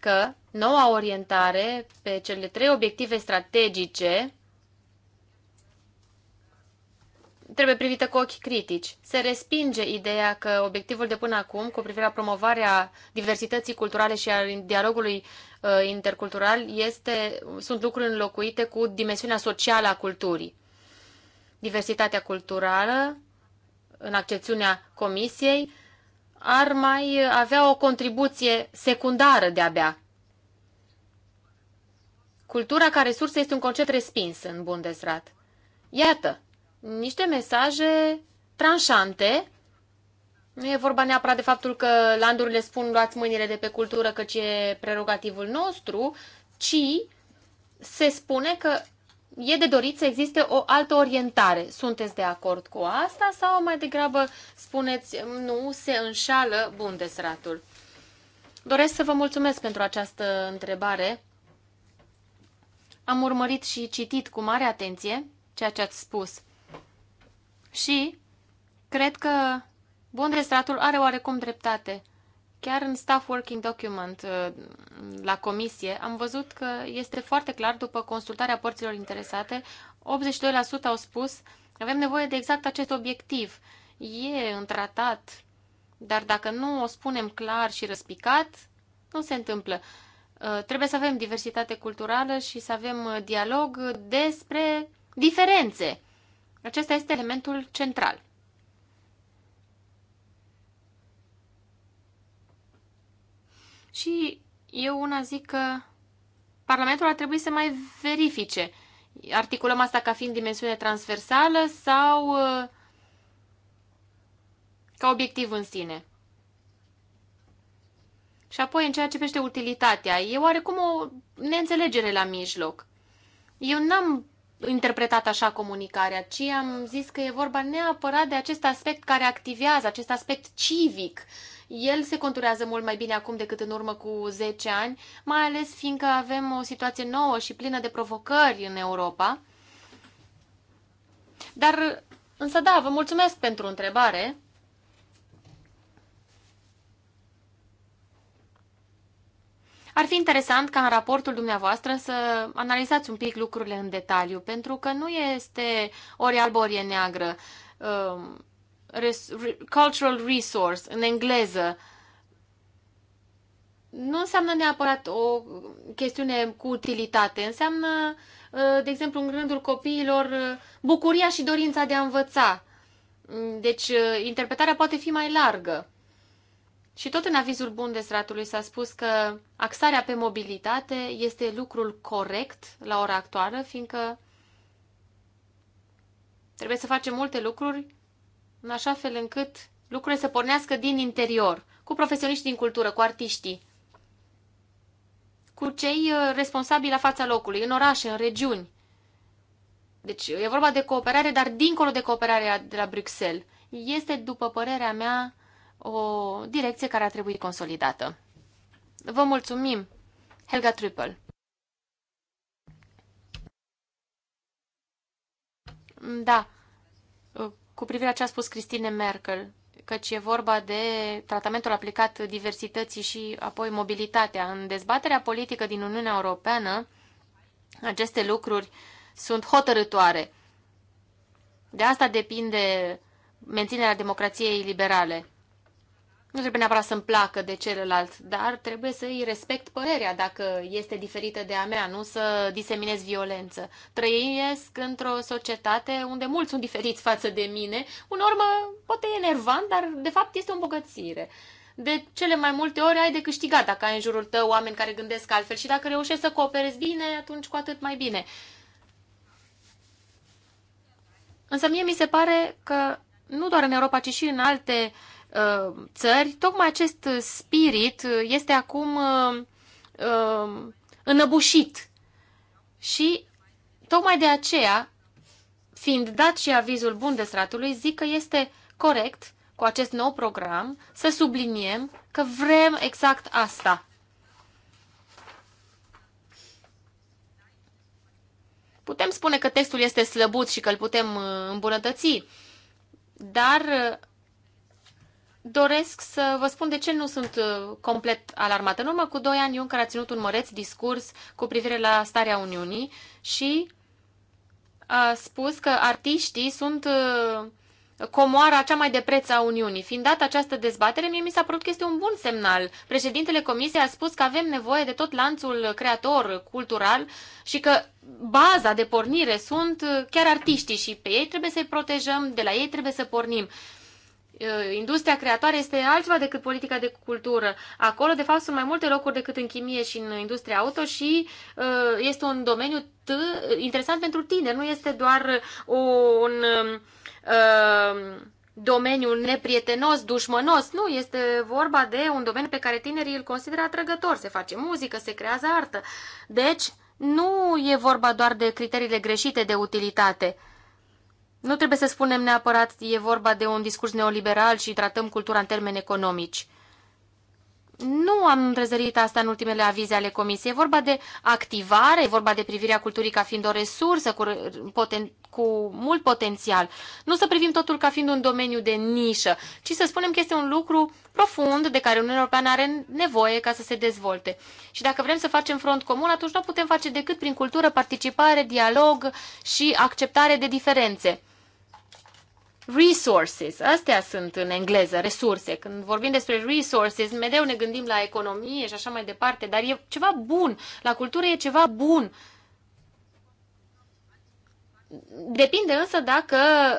că noua orientare pe cele trei obiective strategice trebuie privită cu ochi critici. Se respinge ideea că obiectivul de până acum, cu privire la promovarea diversității culturale și a dialogului uh, intercultural, este, sunt lucruri înlocuite cu dimensiunea socială a culturii. Diversitatea culturală, în accepțiunea comisiei, ar mai avea o contribuție secundară de-abia. Cultura ca resursă este un concept respins în Bundesrat. Iată, niște mesaje tranșante. Nu e vorba neapărat de faptul că landurile spun luați mâinile de pe cultură căci e prerogativul nostru, ci se spune că e de dorit să existe o altă orientare. Sunteți de acord cu asta sau mai degrabă spuneți nu, se înșală bun de sratul. Doresc să vă mulțumesc pentru această întrebare. Am urmărit și citit cu mare atenție ceea ce ați spus. Și cred că Bundesratul are oarecum dreptate. Chiar în staff working document uh, la comisie am văzut că este foarte clar după consultarea părților interesate, 82% au spus avem nevoie de exact acest obiectiv. E în tratat, dar dacă nu o spunem clar și răspicat, nu se întâmplă. Uh, trebuie să avem diversitate culturală și să avem uh, dialog despre diferențe. Acesta este elementul central. Și eu una zic că Parlamentul ar trebui să mai verifice. Articulăm asta ca fiind dimensiune transversală sau uh, ca obiectiv în sine. Și apoi, în ceea ce privește utilitatea, e oarecum o neînțelegere la mijloc. Eu n-am interpretat așa comunicarea, ci am zis că e vorba neapărat de acest aspect care activează, acest aspect civic. El se conturează mult mai bine acum decât în urmă cu 10 ani, mai ales fiindcă avem o situație nouă și plină de provocări în Europa. Dar, însă da, vă mulțumesc pentru întrebare. Ar fi interesant ca în raportul dumneavoastră să analizați un pic lucrurile în detaliu, pentru că nu este ori albă, ori e neagră. Um, cultural resource, în engleză, nu înseamnă neapărat o chestiune cu utilitate, înseamnă, uh, de exemplu, în rândul copiilor, uh, bucuria și dorința de a învăța. Deci, uh, interpretarea poate fi mai largă. Și tot în avizul bun de stratului s-a spus că axarea pe mobilitate este lucrul corect la ora actuală, fiindcă trebuie să facem multe lucruri în așa fel încât lucrurile să pornească din interior, cu profesioniști din cultură, cu artiștii, cu cei uh, responsabili la fața locului, în orașe, în regiuni. Deci e vorba de cooperare, dar dincolo de cooperarea de la Bruxelles. Este, după părerea mea, o direcție care a trebuit consolidată. Vă mulțumim, Helga Triple. Da, cu privire la ce a spus Christine Merkel, căci e vorba de tratamentul aplicat diversității și apoi mobilitatea. În dezbaterea politică din Uniunea Europeană, aceste lucruri sunt hotărătoare. De asta depinde menținerea democrației liberale. Nu trebuie neapărat să-mi placă de celălalt, dar trebuie să i respect părerea dacă este diferită de a mea, nu să diseminez violență. Trăiesc într-o societate unde mulți sunt diferiți față de mine. un urmă, poate e enervant, dar de fapt este o îmbogățire. De cele mai multe ori ai de câștigat dacă ai în jurul tău oameni care gândesc altfel și dacă reușești să cooperezi bine, atunci cu atât mai bine. Însă mie mi se pare că nu doar în Europa, ci și în alte Uh, țări, tocmai acest spirit este acum uh, uh, înăbușit. Și tocmai de aceea, fiind dat și avizul bun de stratului, zic că este corect cu acest nou program să subliniem că vrem exact asta. Putem spune că textul este slăbut și că îl putem îmbunătăți, dar doresc să vă spun de ce nu sunt uh, complet alarmată. În urmă cu doi ani, Juncker a ținut un măreț discurs cu privire la starea Uniunii și a spus că artiștii sunt uh, comoara cea mai de preț a Uniunii. Fiind dat această dezbatere, mie mi s-a părut că este un bun semnal. Președintele Comisiei a spus că avem nevoie de tot lanțul creator cultural și că baza de pornire sunt uh, chiar artiștii și pe ei trebuie să-i protejăm, de la ei trebuie să pornim. Eh, industria creatoare este altceva decât politica de cultură. Acolo, de fapt, sunt mai multe locuri decât în chimie și în industria auto și eh, este un domeniu interesant pentru tineri. Nu este doar eh, un domeniu neprietenos, dușmănos. Nu, este vorba de un domeniu pe care tinerii îl consideră atrăgător. Se face muzică, se creează artă. Deci, nu e vorba doar de criteriile greșite de utilitate. Uh, nu trebuie să spunem neapărat e vorba de un discurs neoliberal și tratăm cultura în termeni economici. Nu am răzărit asta în ultimele avize ale Comisiei. E vorba de activare, e vorba de privirea culturii ca fiind o resursă cu, poten, cu mult potențial. Nu să privim totul ca fiind un domeniu de nișă, ci să spunem că este un lucru profund de care Uniunea Europeană are nevoie ca să se dezvolte. Și dacă vrem să facem front comun, atunci nu putem face decât prin cultură, participare, dialog și acceptare de diferențe resources, astea sunt în engleză, resurse. Când vorbim despre resources, mereu ne gândim la economie și așa mai departe, dar e ceva bun. La cultură e ceva bun Depinde însă dacă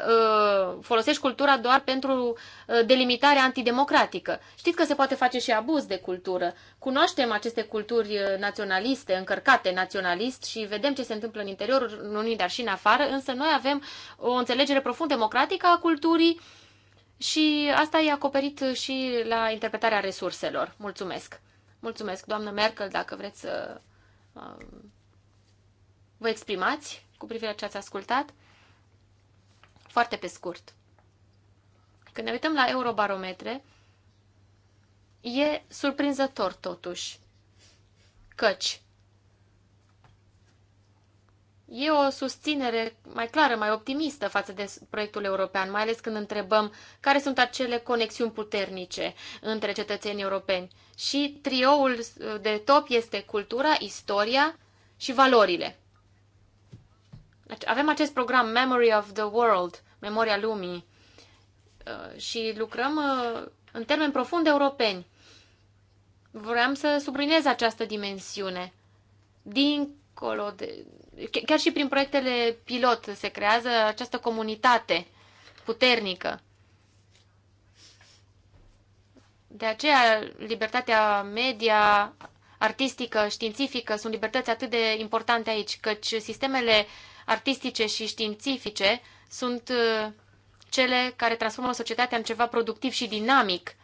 uh, folosești cultura doar pentru uh, delimitarea antidemocratică. Știți că se poate face și abuz de cultură. Cunoaștem aceste culturi uh, naționaliste, încărcate naționalist și vedem ce se întâmplă în interiorul Uniunii, dar și în afară, însă noi avem o înțelegere profund democratică a culturii și asta e acoperit și la interpretarea resurselor. Mulțumesc! Mulțumesc, doamnă Merkel, dacă vreți să uh, vă exprimați cu privire la ce ați ascultat? Foarte pe scurt. Când ne uităm la eurobarometre, e surprinzător totuși. Căci e o susținere mai clară, mai optimistă față de proiectul european, mai ales când întrebăm care sunt acele conexiuni puternice între cetățenii europeni. Și trioul de top este cultura, istoria și valorile. Avem acest program Memory of the World, Memoria Lumii, uh, și lucrăm uh, în termeni profund europeni. Vreau să sublinez această dimensiune. Dincolo de... Chiar și prin proiectele pilot se creează această comunitate puternică. De aceea, libertatea media, artistică, științifică sunt libertăți atât de importante aici, căci sistemele uh, artistice și științifice sunt uh, cele care transformă societatea în ceva productiv și dinamic.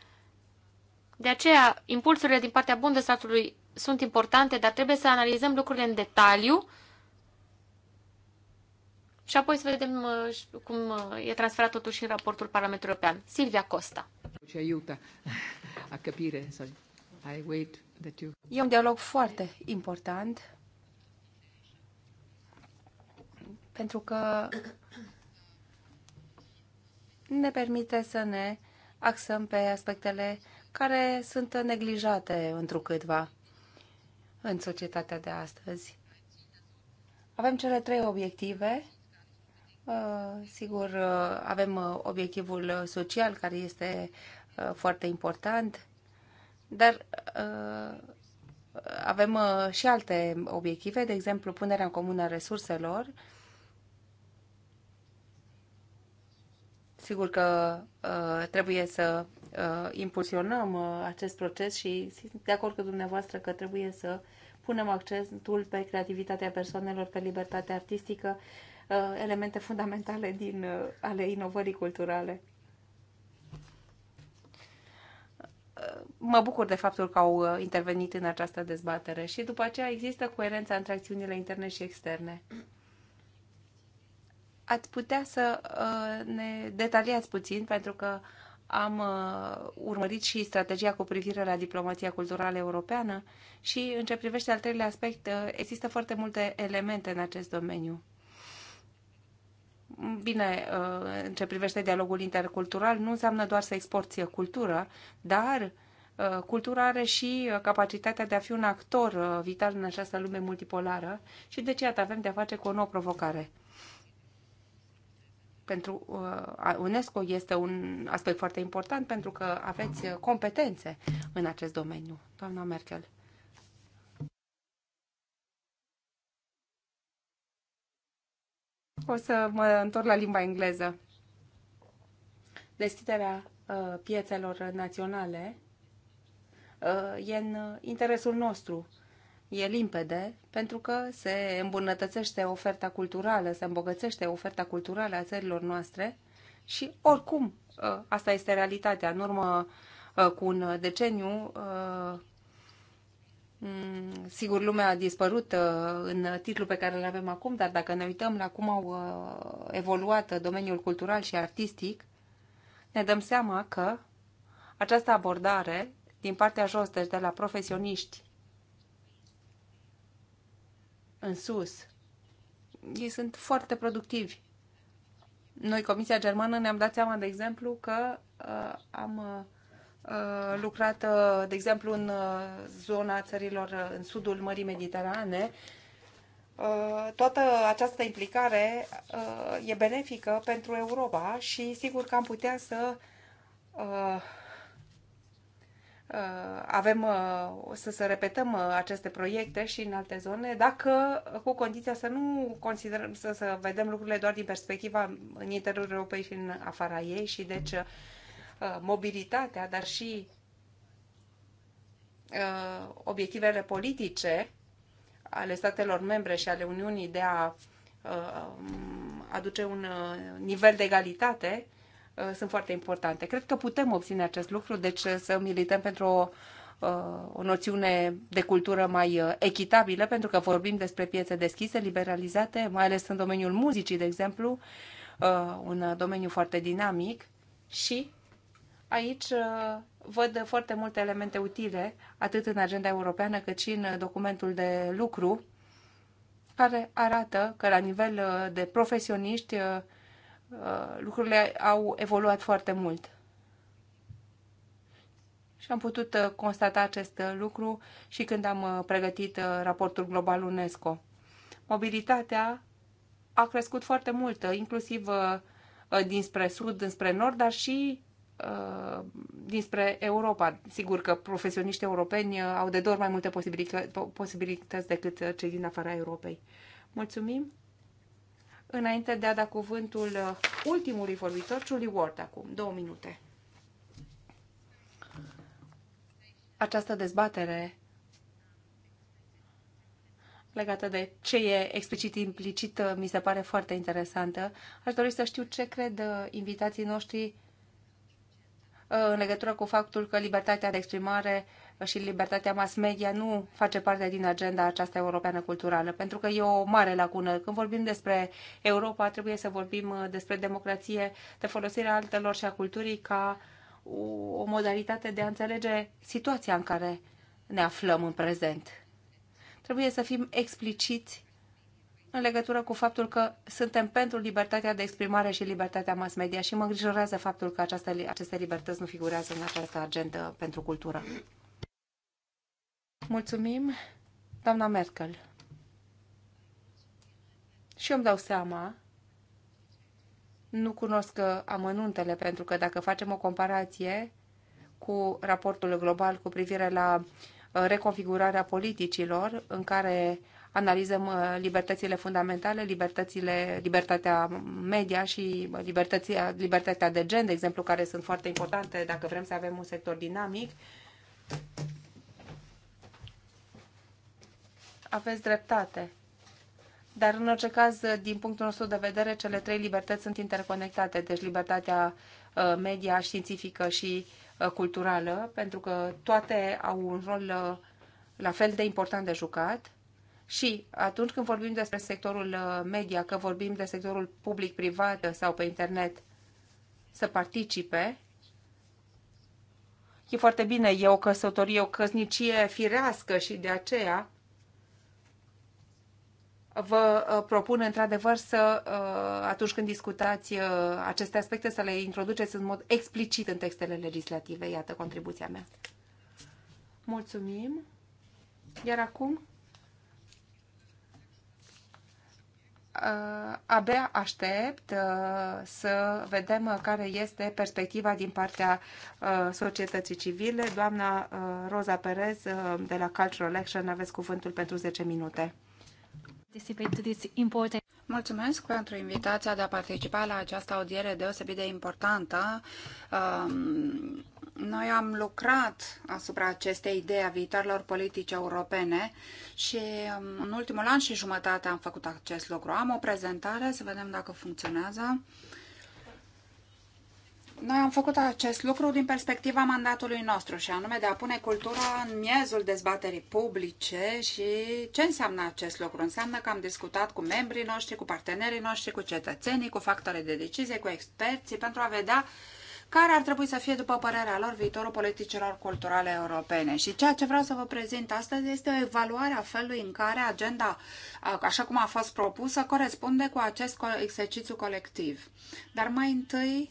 De aceea, impulsurile din partea statului sunt importante, dar trebuie să analizăm lucrurile în detaliu și apoi să vedem uh, cum uh, e transferat totuși în raportul Parlamentului European. Silvia Costa. Ce ajută a capire, I wait that you... E un dialog foarte important pentru că ne permite să ne axăm pe aspectele care sunt neglijate întrucâtva în societatea de astăzi. Avem cele trei obiective. Uh, sigur, uh, avem uh, obiectivul social, care este foarte important, dar avem și alte obiective, de exemplu, punerea în comună a resurselor, Sigur că uh, trebuie să uh, impulsionăm uh, acest proces și sunt de acord cu dumneavoastră că trebuie să punem accentul pe creativitatea persoanelor, pe libertatea artistică, uh, elemente fundamentale din, uh, ale inovării culturale. Uh, mă bucur de faptul că au uh, intervenit în această dezbatere și după aceea există coerența între acțiunile interne și externe ați putea să uh, ne detaliați puțin, pentru că am uh, urmărit și strategia cu privire la diplomația culturală europeană și, în ce privește al treilea aspect, uh, există foarte multe elemente în acest domeniu. Bine, în ce privește dialogul intercultural, nu înseamnă doar să exporți cultură, dar cultura are și capacitatea de a fi un actor vital în această lume multipolară și de deci, ce avem de a face cu o nouă provocare pentru uh, UNESCO este un aspect foarte important pentru că aveți uh, competențe în acest domeniu, doamna Merkel. O să mă întorc la limba engleză. Deschiderea uh, piețelor naționale e în interesul nostru e limpede pentru că se îmbunătățește oferta culturală, se îmbogățește oferta culturală a țărilor noastre și oricum ă, asta este realitatea. În urmă ă, cu un deceniu ă, Sigur, lumea a dispărut în titlul pe care îl avem acum, dar dacă ne uităm la cum au evoluat domeniul cultural și artistic, ne dăm seama că această abordare din partea jos, deci de la profesioniști în sus. Ei sunt foarte productivi. Noi, Comisia Germană, ne-am dat seama, de exemplu, că uh, am uh, lucrat, uh, de exemplu, în uh, zona țărilor uh, în sudul Mării Mediterane. Uh, toată această implicare uh, e benefică pentru Europa și sigur că am putea să uh, Uh, avem uh, să, să repetăm uh, aceste proiecte și în alte zone, dacă cu condiția să nu considerăm, să, să vedem lucrurile doar din perspectiva în interiorul Europei și în afara ei și deci mobilitatea, dar și obiectivele politice ale statelor membre și ale Uniunii de a um, aduce un nivel de egalitate Uh, sunt foarte importante. Cred că putem obține acest lucru, deci uh, să milităm pentru o, uh, o noțiune de cultură mai echitabilă, pentru că vorbim despre piețe deschise, liberalizate, mai ales în domeniul muzicii, de exemplu, un domeniu foarte dinamic și aici văd foarte multe elemente utile, atât în agenda europeană cât și în documentul de lucru, care arată că la nivel de profesioniști Uh, lucrurile au evoluat foarte mult. Și am putut uh, constata acest uh, lucru și când am pregătit raportul global UNESCO. Mobilitatea a crescut foarte mult, inclusiv dinspre sud, dinspre nord, dar și dinspre Europa. Sigur că profesioniștii europeni au de dor mai multe posibilități decât cei din afara Europei. Mulțumim! înainte de a da cuvântul uh, ultimului vorbitor, Julie Ward, acum două minute. Această dezbatere legată de ce e explicit implicit uh, mi se pare foarte interesantă. Aș dori să știu ce cred uh, invitații noștri în legătură cu faptul că libertatea de exprimare uh, și libertatea mass media nu face parte din agenda aceasta europeană culturală, pentru că e o mare lacună. Când vorbim despre Europa, trebuie să vorbim uh, despre democrație, de folosirea altelor și a culturii ca o modalitate de a înțelege situația în care ne aflăm în prezent. Trebuie să fim expliciți în legătură cu faptul că suntem pentru libertatea de exprimare și libertatea mass media și mă îngrijorează faptul că această, aceste libertăți nu figurează în această agendă pentru cultură. Mulțumim, doamna Merkel. Și eu îmi dau seama, nu cunosc amănuntele, pentru că dacă facem o comparație cu raportul global cu privire la uh, reconfigurarea politicilor, în care analizăm uh, libertățile fundamentale, libertățile, libertatea media și uh, libertatea libertatea de gen, de exemplu, care sunt foarte importante dacă vrem să avem un sector dinamic. aveți dreptate. Dar, în orice caz, din punctul nostru de vedere, cele trei libertăți sunt interconectate, deci libertatea uh, media, științifică și uh, culturală, pentru că toate au un rol uh, la fel de important de jucat. Și atunci când vorbim despre sectorul media, că vorbim de sectorul public-privat sau pe internet, să participe, e foarte bine, e o căsătorie, o căsnicie firească și de aceea vă uh, propun într-adevăr să, uh, atunci când discutați uh, aceste aspecte, să le introduceți în mod explicit în textele legislative. Iată contribuția mea. Mulțumim. Iar acum abia aștept să vedem care este perspectiva din partea societății civile. Doamna Roza Perez de la Cultural Action, aveți cuvântul pentru 10 minute. Mulțumesc pentru invitația de a participa la această audiere deosebit de importantă. Um, noi am lucrat asupra acestei idei a viitorilor politici europene și um, în ultimul an și jumătate am făcut acest lucru. Am o prezentare, să vedem dacă funcționează. Noi am făcut acest lucru din perspectiva mandatului nostru și anume de a pune cultura în miezul dezbaterii publice și ce înseamnă acest lucru? Înseamnă că am discutat cu membrii noștri, cu partenerii noștri, cu cetățenii, cu factorii de decizie, cu experții pentru a vedea care ar trebui să fie, după părerea lor, viitorul politicilor culturale europene. Și ceea ce vreau să vă prezint astăzi este o evaluare a felului în care agenda, așa cum a fost propusă, corespunde cu acest exercițiu colectiv. Dar mai întâi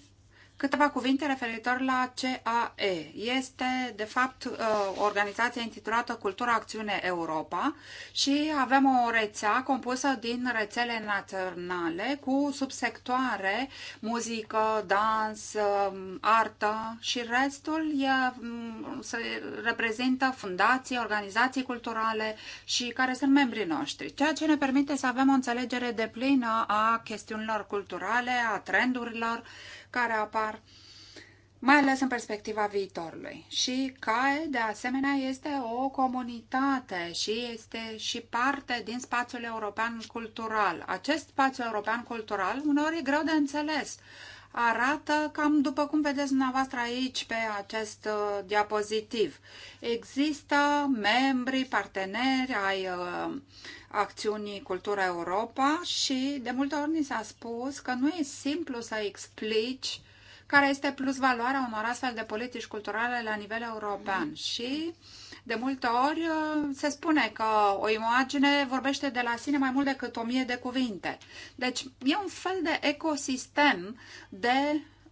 Câteva cuvinte referitor la CAE. Este, de fapt, uh, o organizație intitulată Cultura Acțiune Europa și avem o rețea compusă din rețele naționale cu subsectoare muzică, dans, um, artă și restul e, um, se reprezintă fundații, organizații culturale și care sunt membrii noștri, ceea ce ne permite să avem o înțelegere deplină a chestiunilor culturale, a trendurilor care apar, mai ales în perspectiva viitorului. Și CAE, de asemenea, este o comunitate și este și parte din spațiul european cultural. Acest spațiu european cultural uneori e greu de înțeles, arată cam după cum vedeți dumneavoastră aici pe acest uh, diapozitiv. Există membri, parteneri ai uh, acțiunii Cultura Europa și de multe ori ni s-a spus că nu e simplu să explici care este plus valoarea unor astfel de politici culturale la nivel european. Și uh, de multe ori uh, se spune că o imagine vorbește de la sine mai mult decât o mie de cuvinte. Deci e un fel de ecosistem de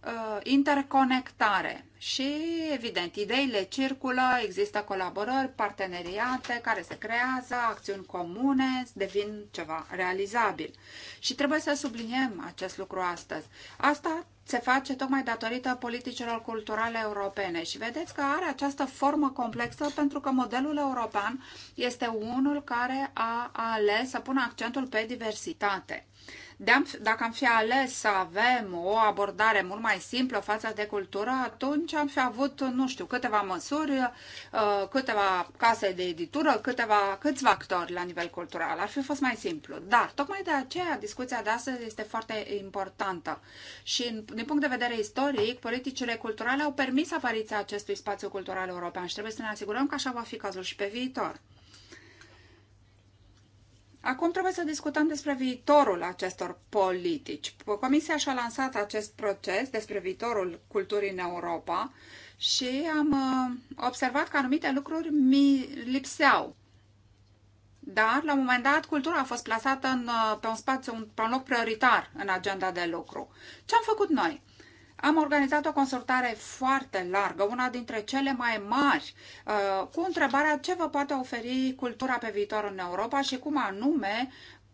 uh, interconectare și, evident, ideile circulă, există colaborări, parteneriate care se creează, acțiuni comune, devin ceva realizabil. Și trebuie să subliniem acest lucru astăzi. Asta se face tocmai datorită politicilor culturale europene și vedeți că are această formă complexă pentru că modelul european este unul care a ales să pună accentul pe diversitate. Dacă am fi ales să avem o abordare mult mai simplă față de cultură, atunci am fi avut, nu știu, câteva măsuri, uh, câteva case de editură, câteva, câțiva actori la nivel cultural. Ar fi fost mai simplu. Dar, tocmai de aceea, discuția de astăzi este foarte importantă. Și, din punct de vedere istoric, politicile culturale au permis apariția acestui spațiu cultural european și trebuie să ne asigurăm că așa va fi cazul și pe viitor. Acum trebuie să discutăm despre viitorul acestor politici. Comisia și-a lansat acest proces despre viitorul culturii în Europa și am uh, observat că anumite lucruri mi lipseau. Dar, la un moment dat, cultura a fost plasată în, uh, pe un spațiu, pe un loc prioritar în agenda de lucru. Ce am făcut noi? Am organizat o consultare foarte largă, una dintre cele mai mari, uh, cu întrebarea ce vă poate oferi cultura pe viitor în Europa și cum anume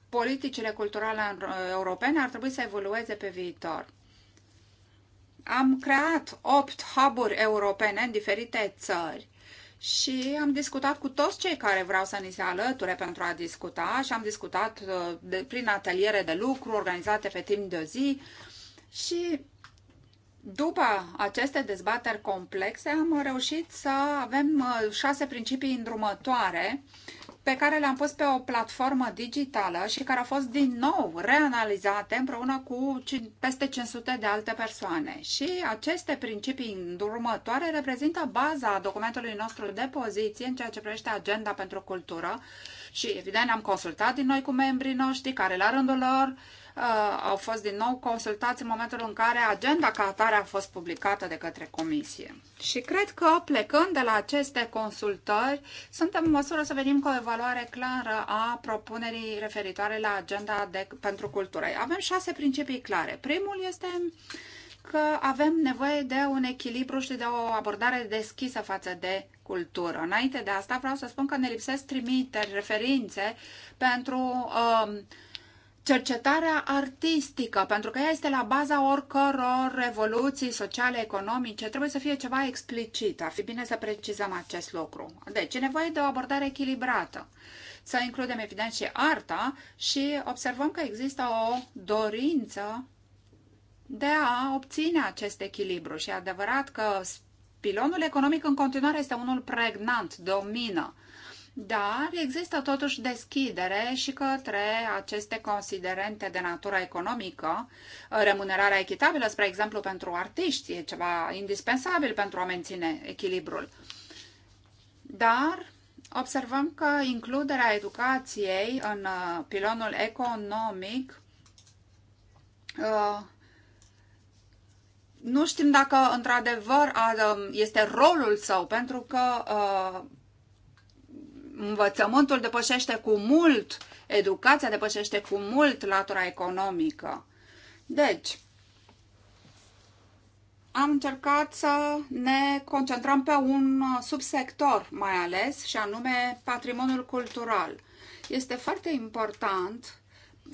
politicile culturale uh, europene ar trebui să evolueze pe viitor. Am creat opt hub-uri europene în diferite țări și am discutat cu toți cei care vreau să ni se alăture pentru a discuta și am discutat uh, de, prin ateliere de lucru organizate pe timp de o zi și după aceste dezbateri complexe am reușit să avem uh, șase principii îndrumătoare pe care le-am pus pe o platformă digitală și care au fost din nou reanalizate împreună cu peste 500 de alte persoane. Și aceste principii îndrumătoare reprezintă baza documentului nostru de poziție în ceea ce privește agenda pentru cultură și, evident, am consultat din noi cu membrii noștri care, la rândul lor, uh, au fost din nou consultați în momentul în care agenda ca atare a fost publicată de către comisie. Și cred că plecând de la aceste consultări, suntem în măsură să venim cu o evaluare clară a propunerii referitoare la agenda de, pentru cultură. Avem șase principii clare. Primul este că avem nevoie de un echilibru și de o abordare deschisă față de cultură. Înainte de asta vreau să spun că ne lipsesc trimiteri, referințe pentru uh, cercetarea artistică, pentru că ea este la baza oricăror revoluții sociale, economice, trebuie să fie ceva explicit. Ar fi bine să precizăm acest lucru. Deci, e nevoie de o abordare echilibrată. Să includem, evident, și arta și observăm că există o dorință de a obține acest echilibru. Și e adevărat că pilonul economic în continuare este unul pregnant, domină dar există totuși deschidere și către aceste considerente de natură economică. Remunerarea echitabilă, spre exemplu, pentru artiști e ceva indispensabil pentru a menține echilibrul. Dar observăm că includerea educației în uh, pilonul economic uh, nu știm dacă într-adevăr um, este rolul său, pentru că uh, învățământul depășește cu mult, educația depășește cu mult latura economică. Deci, am încercat să ne concentrăm pe un subsector mai ales și anume patrimoniul cultural. Este foarte important,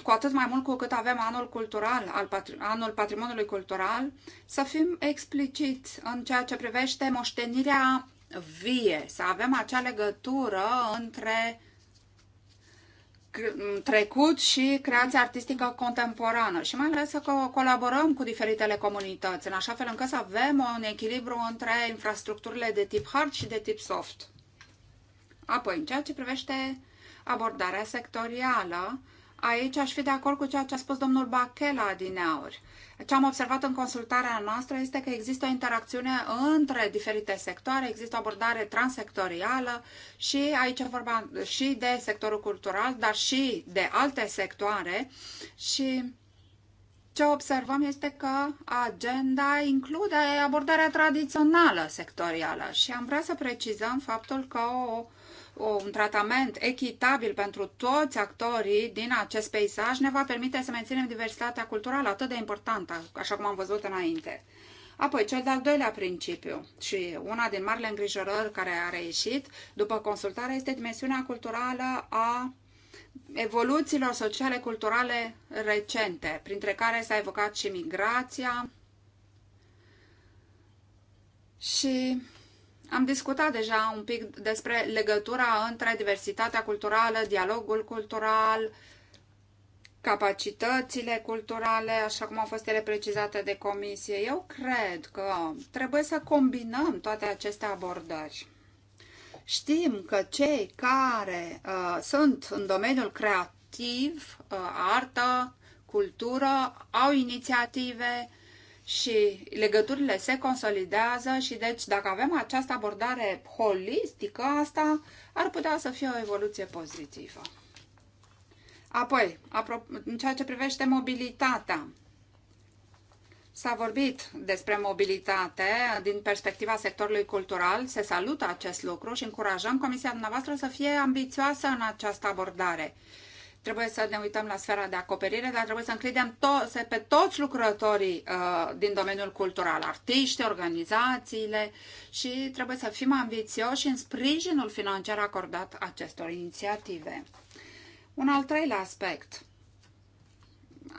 cu atât mai mult cu cât avem anul cultural, al patri, anul patrimoniului cultural, să fim expliciți în ceea ce privește moștenirea vie, să avem acea legătură între trecut și creația artistică contemporană și mai ales să colaborăm cu diferitele comunități, în așa fel încât să avem un echilibru între infrastructurile de tip hard și de tip soft. Apoi, în ceea ce privește abordarea sectorială, Aici aș fi de acord cu ceea ce a spus domnul Bachela adineauri. Ce am observat în consultarea noastră este că există o interacțiune între diferite sectoare, există o abordare transsectorială și aici vorba și de sectorul cultural, dar și de alte sectoare și ce observăm este că agenda include abordarea tradițională sectorială și am vrea să precizăm faptul că o un tratament echitabil pentru toți actorii din acest peisaj ne va permite să menținem diversitatea culturală atât de importantă, așa cum am văzut înainte. Apoi, cel de-al doilea principiu și una din marile îngrijorări care a reieșit după consultare este dimensiunea culturală a evoluțiilor sociale culturale recente, printre care s-a evocat și migrația și am discutat deja un pic despre legătura între diversitatea culturală, dialogul cultural, capacitățile culturale, așa cum au fost ele precizate de comisie. Eu cred că trebuie să combinăm toate aceste abordări. Știm că cei care uh, sunt în domeniul creativ, uh, artă, cultură, au inițiative, și legăturile se consolidează și deci dacă avem această abordare holistică, asta ar putea să fie o evoluție pozitivă. Apoi, în ceea ce privește mobilitatea, S-a vorbit despre mobilitate din perspectiva sectorului cultural, se salută acest lucru și încurajăm Comisia dumneavoastră să fie ambițioasă în această abordare Trebuie să ne uităm la sfera de acoperire, dar trebuie să încredem to- să, pe toți lucrătorii uh, din domeniul cultural, artiști, organizațiile și trebuie să fim ambițioși în sprijinul financiar acordat acestor inițiative. Un al treilea aspect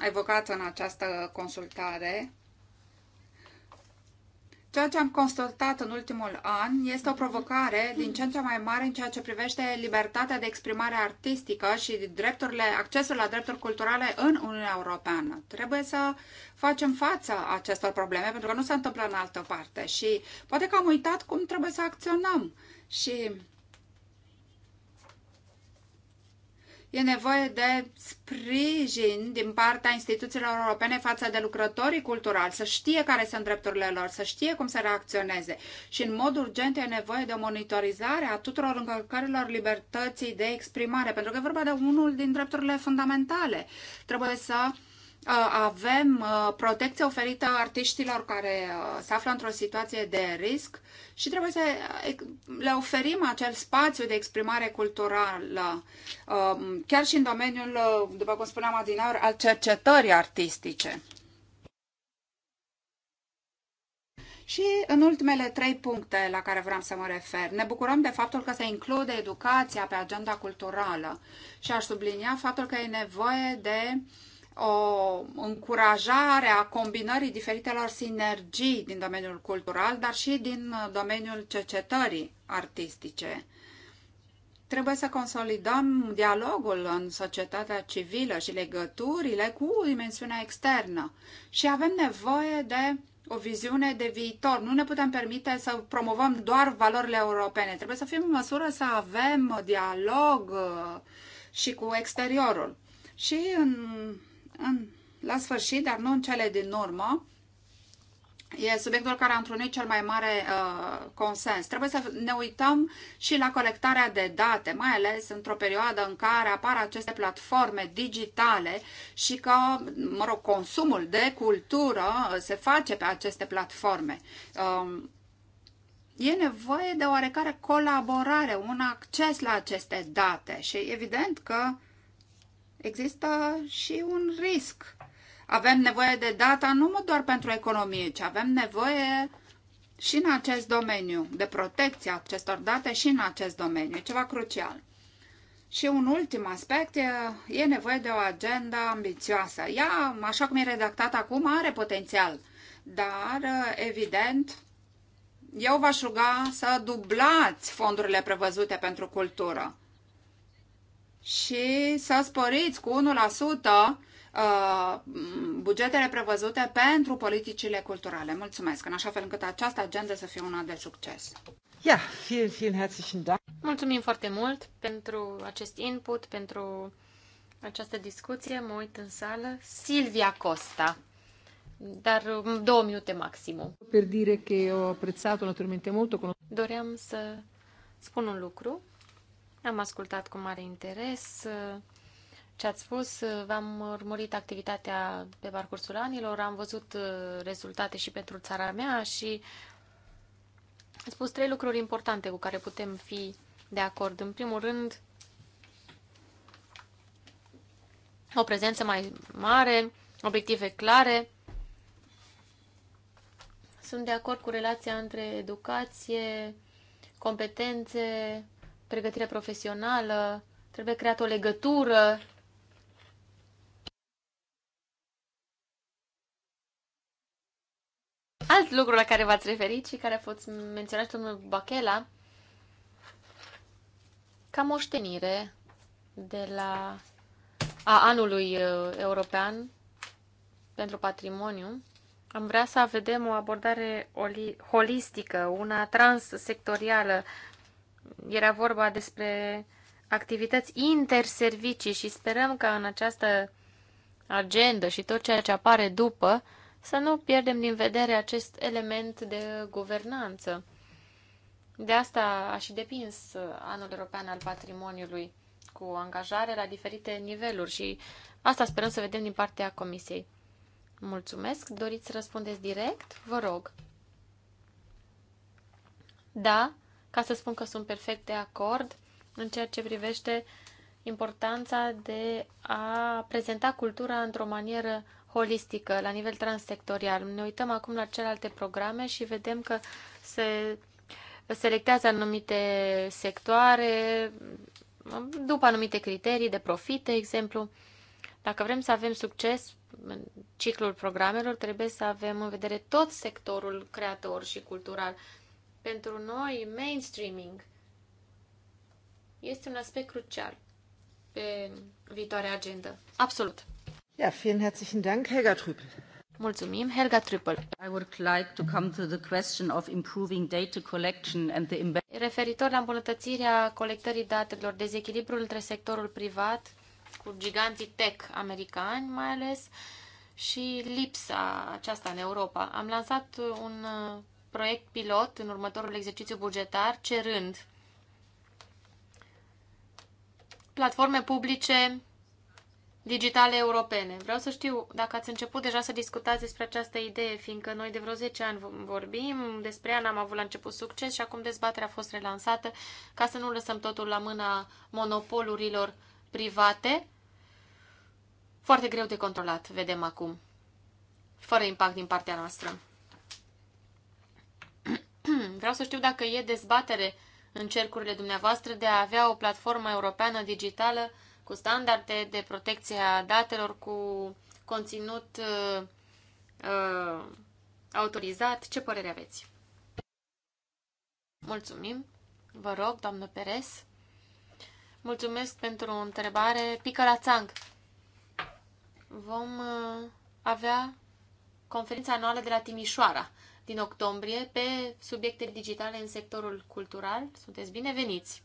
evocat în această consultare Ceea ce am constatat în ultimul an este o provocare din ce în ce mai mare în ceea ce privește libertatea de exprimare artistică și drepturile, accesul la drepturi culturale în Uniunea Europeană. Trebuie să facem față acestor probleme, pentru că nu se întâmplă în altă parte și poate că am uitat cum trebuie să acționăm. Și E nevoie de sprijin din partea instituțiilor europene față de lucrătorii culturali, să știe care sunt drepturile lor, să știe cum să reacționeze. Și în mod urgent e nevoie de o monitorizare a tuturor încălcărilor libertății de exprimare, pentru că e vorba de unul din drepturile fundamentale. Trebuie să Uh, avem uh, protecție oferită artiștilor care uh, se află într-o situație de risc și trebuie să le oferim acel spațiu de exprimare culturală, um, chiar și în domeniul, după cum spuneam adineori, al cercetării artistice. Și în ultimele trei puncte la care vreau să mă refer, ne bucurăm de faptul că se include educația pe agenda culturală și aș sublinia faptul că e nevoie de uh, o încurajare a combinării diferitelor sinergii din domeniul cultural, dar și din domeniul cercetării artistice. Trebuie să consolidăm dialogul în societatea civilă și legăturile cu dimensiunea externă și avem nevoie de o viziune de viitor. Nu ne putem permite să promovăm doar valorile europene. Trebuie să fim în măsură să avem dialog uh, și cu exteriorul. Și în în, la sfârșit, dar nu în cele din urmă, e subiectul care a întrunit cel mai mare uh, consens. Trebuie să ne uităm și la colectarea de date, mai ales într-o perioadă în care apar aceste platforme digitale și că, mă rog, consumul de cultură uh, se face pe aceste platforme. Uh, e nevoie de oarecare colaborare, un acces la aceste date și evident că uh, există și un risc. Avem nevoie de data nu doar pentru economie, ci avem nevoie și în acest domeniu, de protecția acestor date și în acest domeniu, e ceva crucial. Și un ultim aspect, e e nevoie de o agenda ambițioasă. Ea, așa cum e redactată acum, are potențial, dar, evident, eu v-aș ruga să dublați fondurile prevăzute pentru cultură și să sporiți cu 1% uh, bugetele prevăzute pentru politicile culturale. Mulțumesc, în așa fel încât această agenda să fie una de succes. Ja, vielen, vielen herzlichen Dank. Mulțumim foarte mult pentru acest input, pentru această discuție. Mă uit în sală. Silvia Costa. Dar um, două minute maximum. Per dire che ho apprezzato naturalmente molto. Doream să spun un lucru. Am ascultat cu mare interes uh, ce ați spus. Uh, v-am urmărit activitatea pe parcursul anilor, am văzut uh, rezultate și pentru țara mea și ați spus trei lucruri importante cu care putem fi de acord. În primul rând, o prezență mai mare, obiective clare. Sunt de acord cu relația între educație, competențe, pregătirea profesională, trebuie creată o legătură. Alt lucru la care v-ați referit și care a fost menționat și domnul Bachela, ca moștenire de la a anului uh, european pentru patrimoniu, am vrea să vedem o abordare holistică, una transsectorială era vorba despre activități interservicii și sperăm că în această agendă și tot ceea ce apare după să nu pierdem din vedere acest element de guvernanță. De asta a și depins anul european al patrimoniului cu angajare la diferite niveluri și asta sperăm să vedem din partea Comisiei. Mulțumesc. Doriți să răspundeți direct? Vă rog. Da, ca să spun că sunt perfect de acord în ceea ce privește importanța de a prezenta cultura într-o manieră holistică, la nivel transsectorial. Ne uităm acum la celelalte programe și vedem că se selectează anumite sectoare după anumite criterii de profit, de exemplu. Dacă vrem să avem succes în ciclul programelor, trebuie să avem în vedere tot sectorul creator și cultural, pentru noi, mainstreaming este un aspect crucial pe viitoarea agendă. Absolut. Ja, vielen herzlichen Dank, Helga Trüppel. Mulțumim, Helga Trüppel. I would like to come to the question of improving data collection and the Referitor la îmbunătățirea colectării datelor, dezechilibrul între sectorul privat cu giganții tech americani, mai ales și lipsa aceasta în Europa. Am lansat un proiect pilot în următorul exercițiu bugetar, cerând platforme publice digitale europene. Vreau să știu dacă ați început deja să discutați despre această idee, fiindcă noi de vreo 10 ani vorbim, despre ea n-am avut la început succes și acum dezbaterea a fost relansată ca să nu lăsăm totul la mâna monopolurilor private. Foarte greu de controlat, vedem acum, fără impact din partea noastră. Vreau să știu dacă e dezbatere în cercurile dumneavoastră de a avea o platformă europeană digitală cu standarde de protecție a datelor, cu conținut uh, uh autorizat. Ce părere aveți? Mulțumim. Vă rog, doamnă Perez. Mulțumesc pentru o întrebare. Pică la țang. Vom uh, avea conferința anuală de la Timișoara din octombrie pe subiecte digitale în sectorul cultural. Sunteți bineveniți!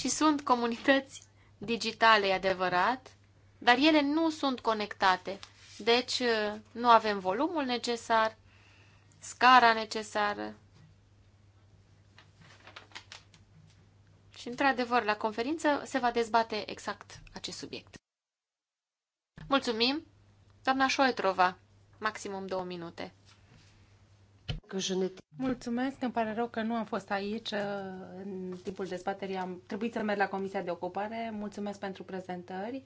Și sunt comunități digitale, e adevărat, dar ele nu sunt conectate. Deci uh, nu avem volumul necesar, scara necesară. Și, într-adevăr, la conferință se va dezbate exact acest subiect. Mulțumim! Doamna Șoetrova, maximum două minute. Mulțumesc, îmi pare rău că nu am fost aici uh, în timpul dezbaterii. Am trebuit să merg la Comisia de Ocupare. Mulțumesc pentru prezentări.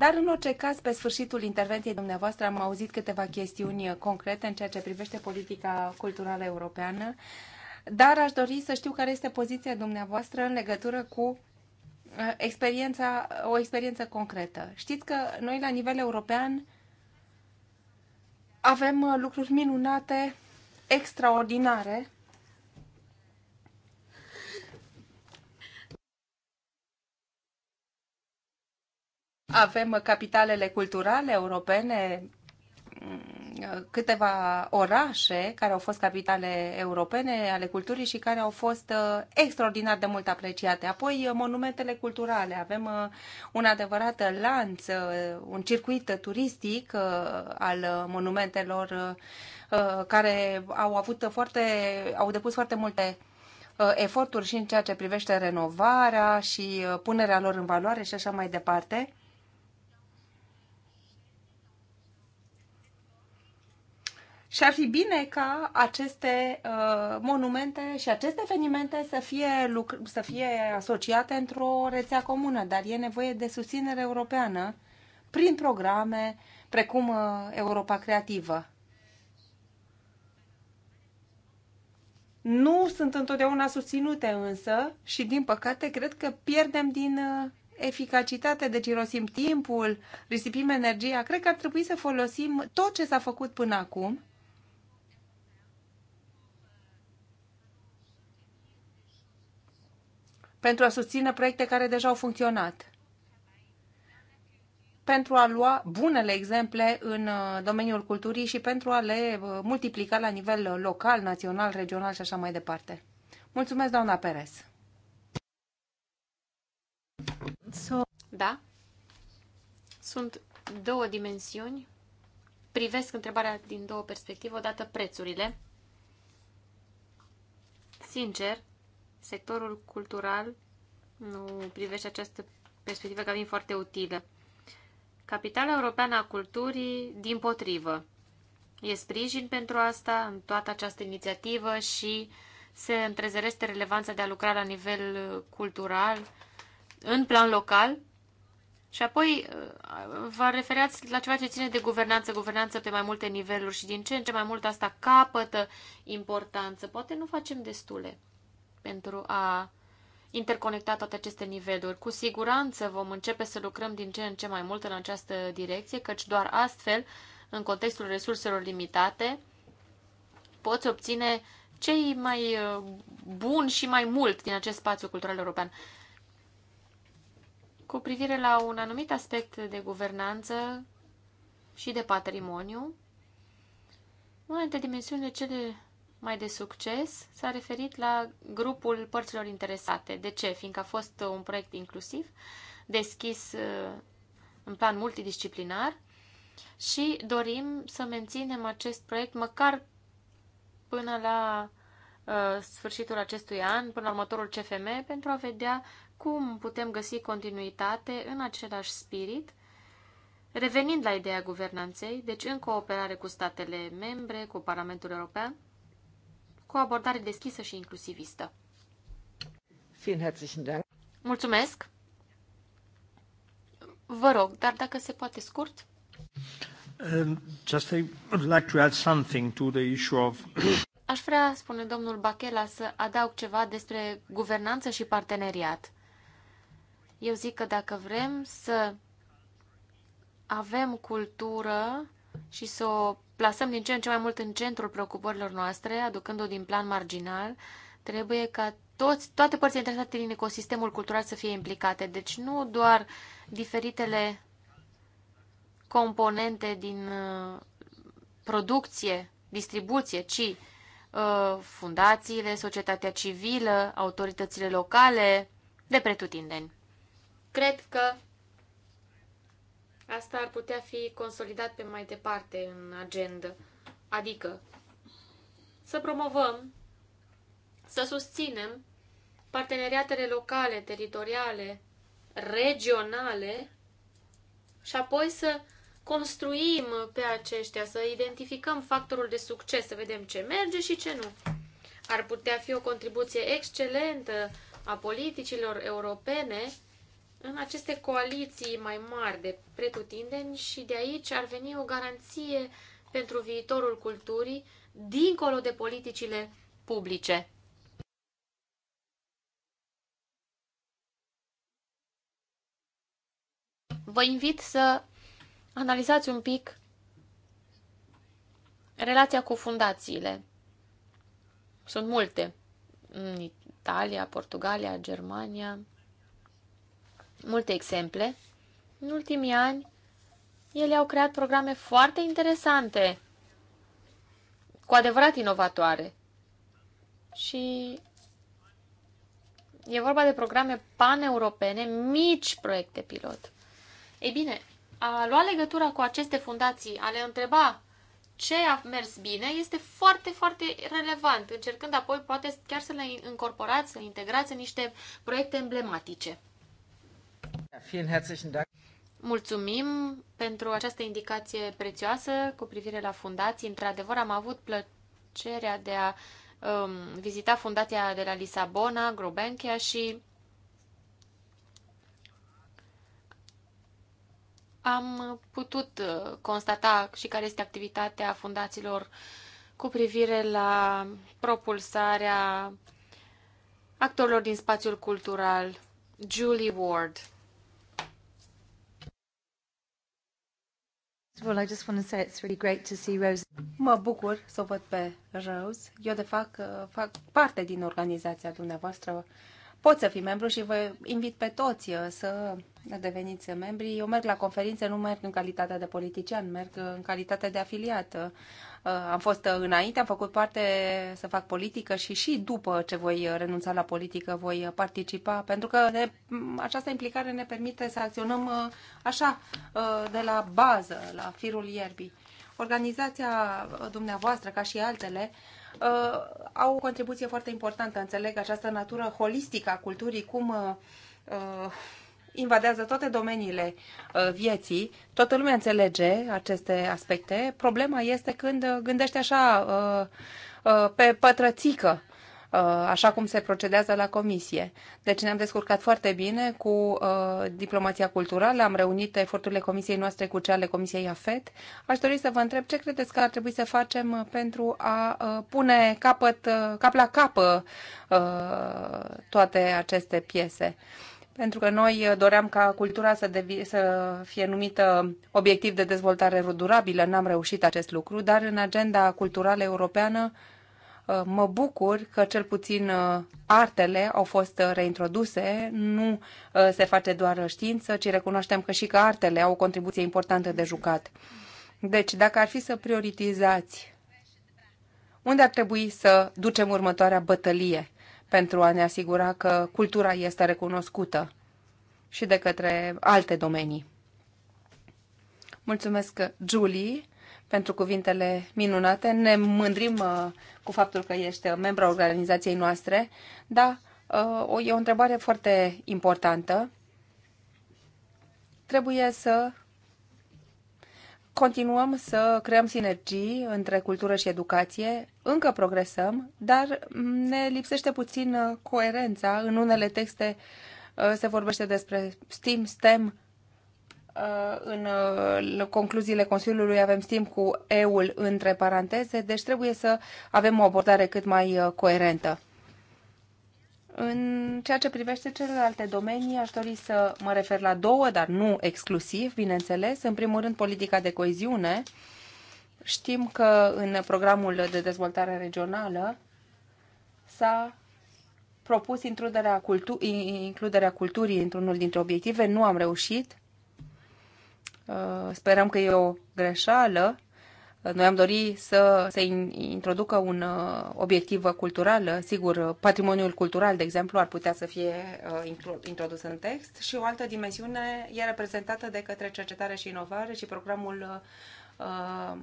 Dar, în orice caz, pe sfârșitul intervenției dumneavoastră am auzit câteva chestiuni concrete în ceea ce privește politica culturală europeană, dar aș dori să știu care este poziția dumneavoastră în legătură cu uh, experiența, o experiență concretă. Știți că noi, la nivel european, avem uh, lucruri minunate, extraordinare, Avem capitalele culturale europene, câteva orașe care au fost capitale europene ale culturii și care au fost uh, extraordinar de mult apreciate. Apoi uh, monumentele culturale. Avem uh, un adevărat lanț, un circuit turistic al monumentelor care au avut foarte, au depus foarte multe eforturi și în ceea ce privește renovarea și punerea lor în valoare și așa mai departe. Și ar fi bine ca aceste uh, monumente și aceste evenimente să fie, să fie asociate într-o rețea comună, dar e nevoie de susținere europeană prin programe precum uh, Europa Creativă. Nu sunt întotdeauna susținute însă și, din păcate, cred că pierdem din uh, eficacitate, deci irosim timpul, risipim energia. Cred că ar trebui să folosim tot ce s-a făcut până acum pentru a susține proiecte care deja au funcționat, pentru a lua bunele exemple în uh, domeniul culturii și pentru a le uh, multiplica la nivel local, național, regional și așa mai departe. Mulțumesc, doamna Perez. Da? Sunt două dimensiuni. Privesc întrebarea din două perspective. Odată prețurile. Sincer, sectorul cultural nu privește această perspectivă ca fiind foarte utilă. Capitala Europeană a Culturii, din potrivă, e sprijin pentru asta, în toată această inițiativă și se întrezărește relevanța de a lucra la nivel cultural, în plan local, și apoi vă referați la ceva ce ține de guvernanță, guvernanță pe mai multe niveluri și din ce în ce mai mult asta capătă importanță. Poate nu facem destule pentru a interconecta toate aceste niveluri. Cu siguranță vom începe să lucrăm din ce în ce mai mult în această direcție, căci doar astfel, în contextul resurselor limitate, poți obține cei mai uh, bun și mai mult din acest spațiu cultural european. Cu privire la un anumit aspect de guvernanță și de patrimoniu, una dintre dimensiunile cele mai de succes s-a referit la grupul părților interesate. De ce? Fiindcă a fost un proiect inclusiv, deschis uh, în plan multidisciplinar și dorim să menținem acest proiect măcar până la uh, sfârșitul acestui an, până la următorul CFM, pentru a vedea cum putem găsi continuitate în același spirit, revenind la ideea guvernanței, deci în cooperare cu statele membre, cu Parlamentul European, cu o abordare deschisă și inclusivistă. Mulțumesc! Vă rog, dar dacă se poate scurt. Um, just I would like to add something to the issue of... Aș vrea, spune domnul Bachela, să adaug ceva despre guvernanță și parteneriat. Eu zic că dacă vrem să avem cultură și să o plasăm din ce în ce mai mult în centrul preocupărilor noastre, aducând-o din plan marginal, trebuie ca toți, toate părțile interesate din ecosistemul cultural să fie implicate. Deci nu doar diferitele componente din uh, producție, distribuție, ci uh, fundațiile, societatea civilă, autoritățile locale, de pretutindeni. Cred că Asta ar putea fi consolidat pe mai departe în agenda. Adică să promovăm, să susținem parteneriatele locale, teritoriale, regionale și apoi să construim pe aceștia, să identificăm factorul de succes, să vedem ce merge și ce nu. Ar putea fi o contribuție excelentă a politicilor europene în aceste coaliții mai mari de pretutindeni și de aici ar veni o garanție pentru viitorul culturii dincolo de politicile publice. Vă invit să analizați un pic relația cu fundațiile. Sunt multe în Italia, Portugalia, Germania, multe exemple. În ultimii ani, ele au creat programe foarte interesante, cu adevărat inovatoare. Și e vorba de programe paneuropene, mici proiecte pilot. Ei bine, a lua legătura cu aceste fundații, a le întreba ce a mers bine, este foarte, foarte relevant, încercând apoi poate chiar să le incorporați, să le integrați în niște proiecte emblematice. Mulțumim pentru această indicație prețioasă cu privire la fundații. Într-adevăr, am avut plăcerea de a um, vizita fundația de la Lisabona, Grobenchia și am putut uh, constata și care este activitatea fundațiilor cu privire la propulsarea actorilor din spațiul cultural. Julie Ward Mă bucur să o văd pe Rose. Eu, de fapt, fac parte din organizația dumneavoastră. Pot să fii membru și vă invit pe toți uh, să deveniți membri. Eu merg la conferințe, nu merg în calitate de politician, merg în calitate de afiliată. Uh, am fost uh, înainte, am făcut parte să fac politică și și după ce voi uh, renunța la politică voi participa, pentru că ne, această implicare ne permite să acționăm așa, de la bază, la firul ierbii. Organizația dumneavoastră, ca și altele, au o contribuție foarte importantă. Înțeleg această natură holistică a culturii, cum invadează toate domeniile uh, vieții. Toată lumea înțelege aceste aspecte. Problema este când uh, gândește așa uh, pe pătrățică, așa cum se procedează la comisie. Deci ne-am descurcat foarte bine cu diplomația culturală, am reunit eforturile comisiei noastre cu cele ale comisiei AFET. Aș dori să vă întreb ce credeți că ar trebui să facem pentru a pune capăt, cap la cap toate aceste piese pentru că noi uh, doream ca cultura să, devi, să fie numită obiectiv de dezvoltare durabilă, n-am reușit acest lucru, dar în agenda culturală europeană uh, mă bucur că cel puțin uh, artele au fost reintroduse, nu se face doar știință, ci recunoaștem că și că artele au o contribuție importantă de jucat. Deci, dacă ar fi să prioritizați, unde ar trebui să ducem următoarea bătălie? pentru a ne asigura că cultura este recunoscută și de către alte domenii. Mulțumesc, Julie, pentru cuvintele minunate. Ne mândrim uh, cu faptul că ești membra organizației noastre, dar uh, e o întrebare foarte importantă. Trebuie să Continuăm să creăm sinergii între cultură și educație, încă progresăm, dar ne lipsește puțin uh, coerența. În unele texte uh, se vorbește despre STEM, STEM, uh, în concluziile Consiliului avem STEM cu EU-ul între paranteze, deci trebuie să avem o abordare cât mai coerentă. În ceea ce privește celelalte domenii, aș dori să mă refer la două, dar nu exclusiv, bineînțeles. În primul rând, politica de coeziune. Știm că în programul de dezvoltare regională s-a propus includerea, cultu- includerea culturii într-unul dintre obiective. Nu am reușit. Uh, sperăm că e o greșeală noi am dorit să se introducă un uh, obiectiv cultural, sigur, patrimoniul cultural, de exemplu, ar putea să fie uh, introdus în text și o altă dimensiune e reprezentată de către cercetare și inovare și programul uh,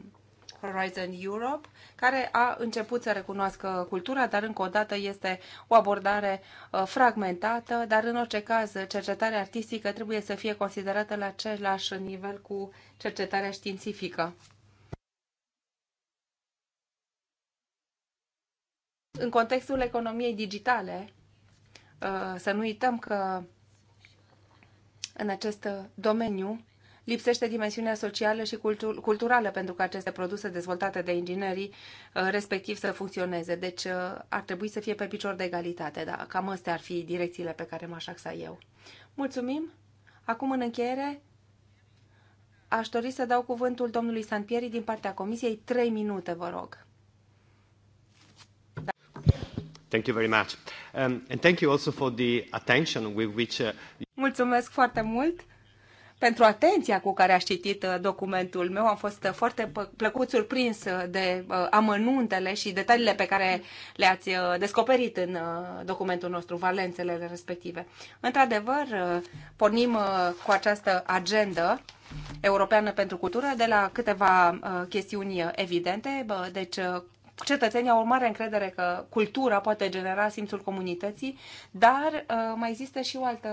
Horizon Europe, care a început să recunoască cultura, dar încă o dată este o abordare fragmentată, dar în orice caz cercetarea artistică trebuie să fie considerată la același nivel cu cercetarea științifică. în contextul economiei digitale, uh, să nu uităm că în acest domeniu lipsește dimensiunea socială și culturală pentru că aceste produse dezvoltate de inginerii uh, respectiv să funcționeze. Deci uh, ar trebui să fie pe picior de egalitate, da? Cam astea ar fi direcțiile pe care m-aș axa eu. Mulțumim! Acum, în încheiere, aș dori să dau cuvântul domnului Sanpieri din partea Comisiei. Trei minute, vă rog. Thank you very much. Um, and thank you also for the attention with which uh... Mulțumesc foarte mult pentru atenția cu care a citit uh, documentul meu. Am fost uh, foarte plăcut surprins uh, de amănuntele și detaliile pe care le-ați descoperit în documentul nostru, valențele respective. Într-adevăr, pornim cu această agendă europeană pentru cultură de la câteva chestiuni evidente, deci cetățenii au o mare încredere că cultura poate genera simțul comunității, dar uh, mai există și o altă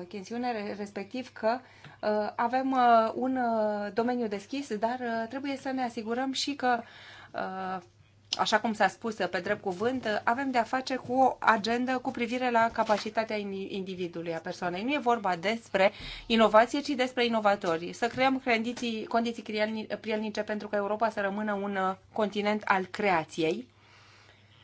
uh, chestiune, respectiv că uh, avem un domeniu deschis, dar trebuie să ne asigurăm și că așa cum s-a spus pe drept cuvânt, avem de-a face cu o agendă cu privire la capacitatea individului, a persoanei. Nu e vorba despre inovație, ci despre inovatori. Să creăm condiții, condiții prielnice pentru ca Europa să rămână un uh, continent al creației.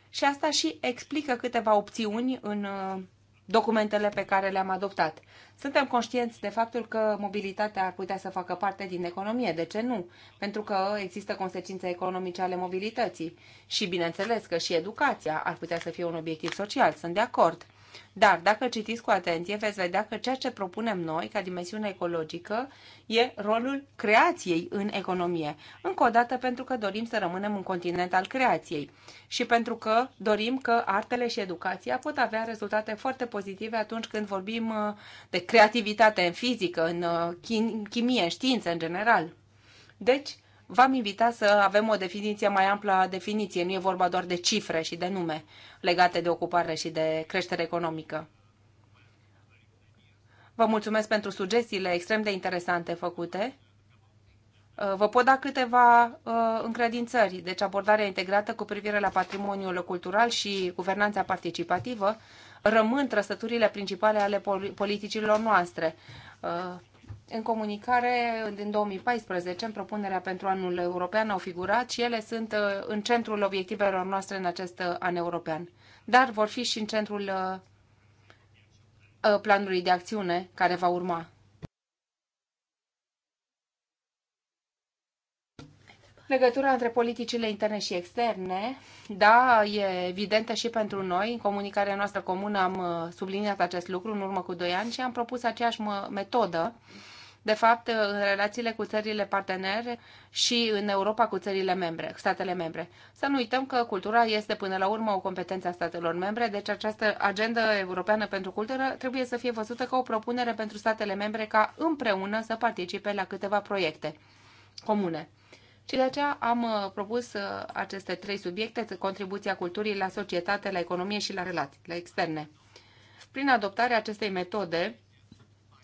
Și asta și explică câteva opțiuni în uh, documentele pe care le-am adoptat. Suntem conștienți de faptul că mobilitatea ar putea să facă parte din economie. De ce nu? Pentru că există consecințe economice ale mobilității. Și bineînțeles că și educația ar putea să fie un obiectiv social. Sunt de acord. Dar dacă citiți cu atenție, veți vedea că ceea ce propunem noi ca dimensiune ecologică e rolul creației în economie. Încă o dată pentru că dorim să rămânem un continent al creației și pentru că dorim că artele și educația pot avea rezultate foarte pozitive atunci când vorbim uh, de creativitate în fizică, în uh, chimie, în știință în general. Deci, v-am invitat să avem o definiție mai amplă a definiției. Nu e vorba doar de cifre și de nume legate de ocupare și de creștere economică. Vă mulțumesc pentru sugestiile extrem de interesante făcute. Uh, vă pot da câteva uh, încredințări, deci abordarea integrată cu privire la patrimoniul cultural și guvernanța participativă rămân trăsăturile principale ale politicilor noastre uh, în comunicare din 2014, în propunerea pentru anul european, au figurat și ele sunt uh, în centrul obiectivelor noastre în acest uh, an european. Dar vor fi și în centrul uh, planului de acțiune care va urma. Legătura între politicile interne și externe, da, e evidentă și pentru noi. În comunicarea noastră comună am subliniat acest lucru în urmă cu doi ani și am propus aceeași metodă uh, de fapt, în relațiile cu țările partenere și în Europa cu țările membre, statele membre. Să nu uităm că cultura este până la urmă o competență a statelor membre, deci această agendă europeană pentru cultură trebuie să fie văzută ca o propunere pentru statele membre ca împreună să participe la câteva proiecte comune. Și de aceea am uh, propus uh, aceste trei subiecte, contribuția culturii la societate, la economie și la relațiile externe. Prin adoptarea acestei metode,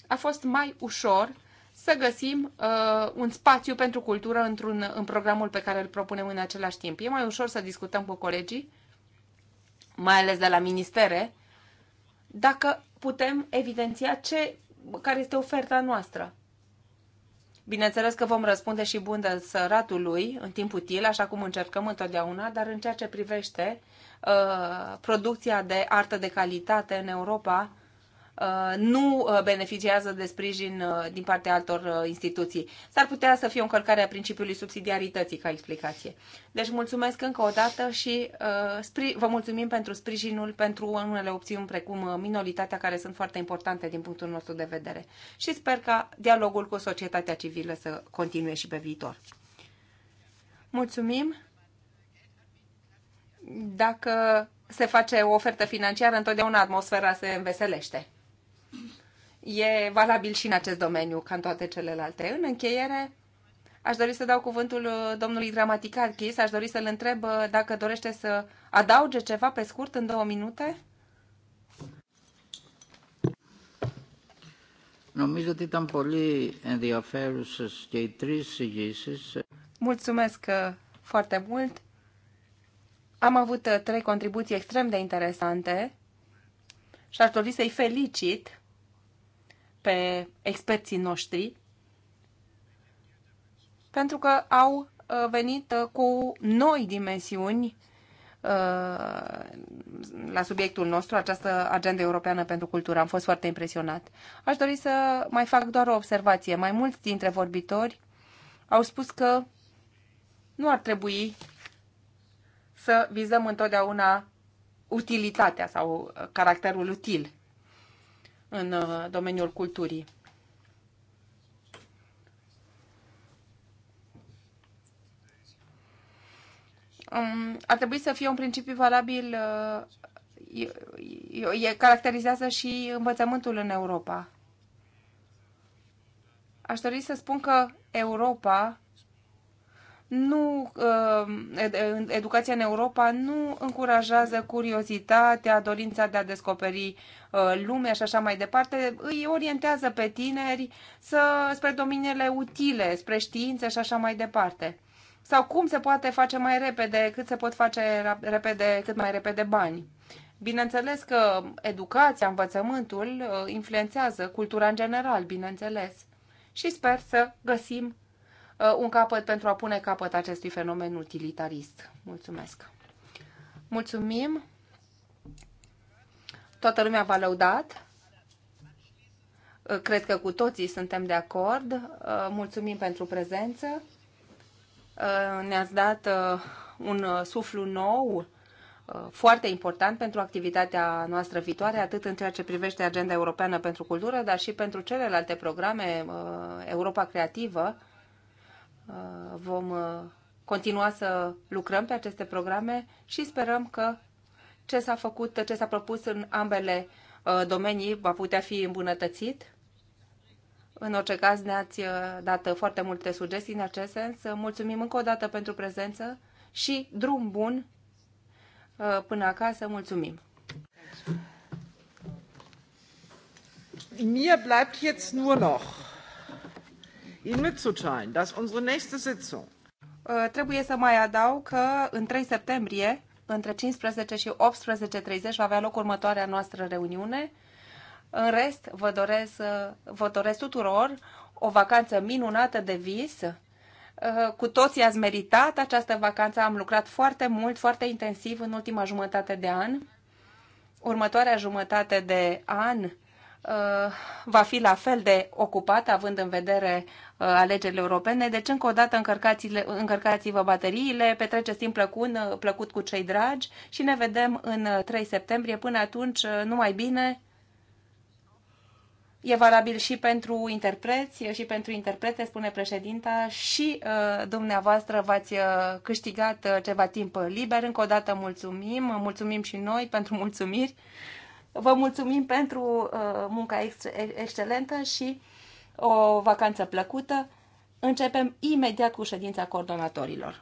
a fost mai ușor să găsim uh, un spațiu pentru cultură într-un, în programul pe care îl propunem în același timp. E mai ușor să discutăm cu colegii, mai ales de la ministere, dacă putem evidenția ce, care este oferta noastră. Bineînțeles că vom răspunde și bun de săratului în timp util, așa cum încercăm întotdeauna, dar în ceea ce privește uh, producția de artă de calitate în Europa, Uh, nu uh, beneficiază de sprijin uh, din partea altor instituții. S-ar putea să fie o încălcare a principiului subsidiarității ca explicație. Deci mulțumesc încă o dată și vă mulțumim pentru sprijinul pentru unele opțiuni precum minoritatea care sunt foarte importante din punctul nostru de vedere. Și sper ca dialogul cu societatea civilă să continue și pe viitor. Mulțumim! Dacă se face o ofertă financiară, întotdeauna atmosfera se înveselește e valabil și în acest domeniu, ca în toate celelalte. În încheiere, aș dori să dau cuvântul uh, domnului Gramaticakis, aș dori să-l întreb uh, dacă dorește să adauge ceva pe scurt în două minute. Νομίζω ότι ήταν πολύ ενδιαφέρουσες και οι τρεις συγγύσεις. Mulțumesc uh, foarte mult. Am avut trei contribuții extrem de interesante și aș dori să-i felicit pe experții noștri pentru că au uh, venit uh, cu noi dimensiuni uh, la subiectul nostru, această agenda europeană pentru cultură. Am fost foarte impresionat. Aș dori să mai fac doar o observație. Mai mulți dintre vorbitori au spus că nu ar trebui să vizăm întotdeauna utilitatea sau caracterul util în uh, domeniul culturii. Um, ar trebui să fie un principiu valabil, uh, e, caracterizează și învățământul în Europa. Aș dori să spun că Europa nu, uh, educația în Europa nu încurajează curiozitatea, dorința de a descoperi uh, lumea și așa mai departe, îi orientează pe tineri să, spre domeniile utile, spre științe și așa mai departe. Sau cum se poate face mai repede, cât se pot face repede, cât mai repede bani. Bineînțeles că educația, învățământul uh, influențează cultura în general, bineînțeles. Și sper să găsim Uh, un capăt pentru a pune capăt acestui fenomen utilitarist. Mulțumesc! Mulțumim! Toată lumea v-a lăudat. Uh, cred că cu toții suntem de acord. Uh, mulțumim pentru prezență. Ne-ați dat un suflu nou foarte important pentru activitatea noastră viitoare, atât în ceea ce privește agenda europeană pentru cultură, dar și pentru celelalte programe Europa Creativă, Uh, vom uh, continua să lucrăm pe aceste programe și sperăm că ce s-a făcut, ce s-a propus în ambele uh, domenii va putea fi îmbunătățit. În orice caz, ne-ați dat foarte multe sugestii în acest sens. Mulțumim încă o dată pentru prezență și drum bun până acasă. Mulțumim! Mir bleibt jetzt nur noch Ihnen mitzuteilen, dass unsere nächste Sitzung ă, Trebuie să mai adaug că în 3 septembrie, între 15 și 18.30, va avea loc următoarea noastră reuniune. În rest, vă doresc, ă, vă doresc tuturor o vacanță minunată de vis. Ă, cu toții ați meritat această vacanță. Am lucrat foarte mult, foarte intensiv în ultima jumătate de an. Următoarea jumătate de an Uh, va fi la fel de ocupat, având în vedere uh, alegerile europene. Deci, încă o dată, încărcați-vă bateriile, petreceți timp plăcut, uh, plăcut cu cei dragi și ne vedem în 3 septembrie. Până atunci, numai bine! E valabil și pentru interpreți, și pentru interprete, spune președinta, și dumneavoastră v-ați câștigat ceva timp liber. Încă o dată mulțumim, mulțumim și noi pentru mulțumiri. Vă mulțumim pentru uh, munca ex excelentă și o vacanță plăcută. Începem imediat cu ședința coordonatorilor.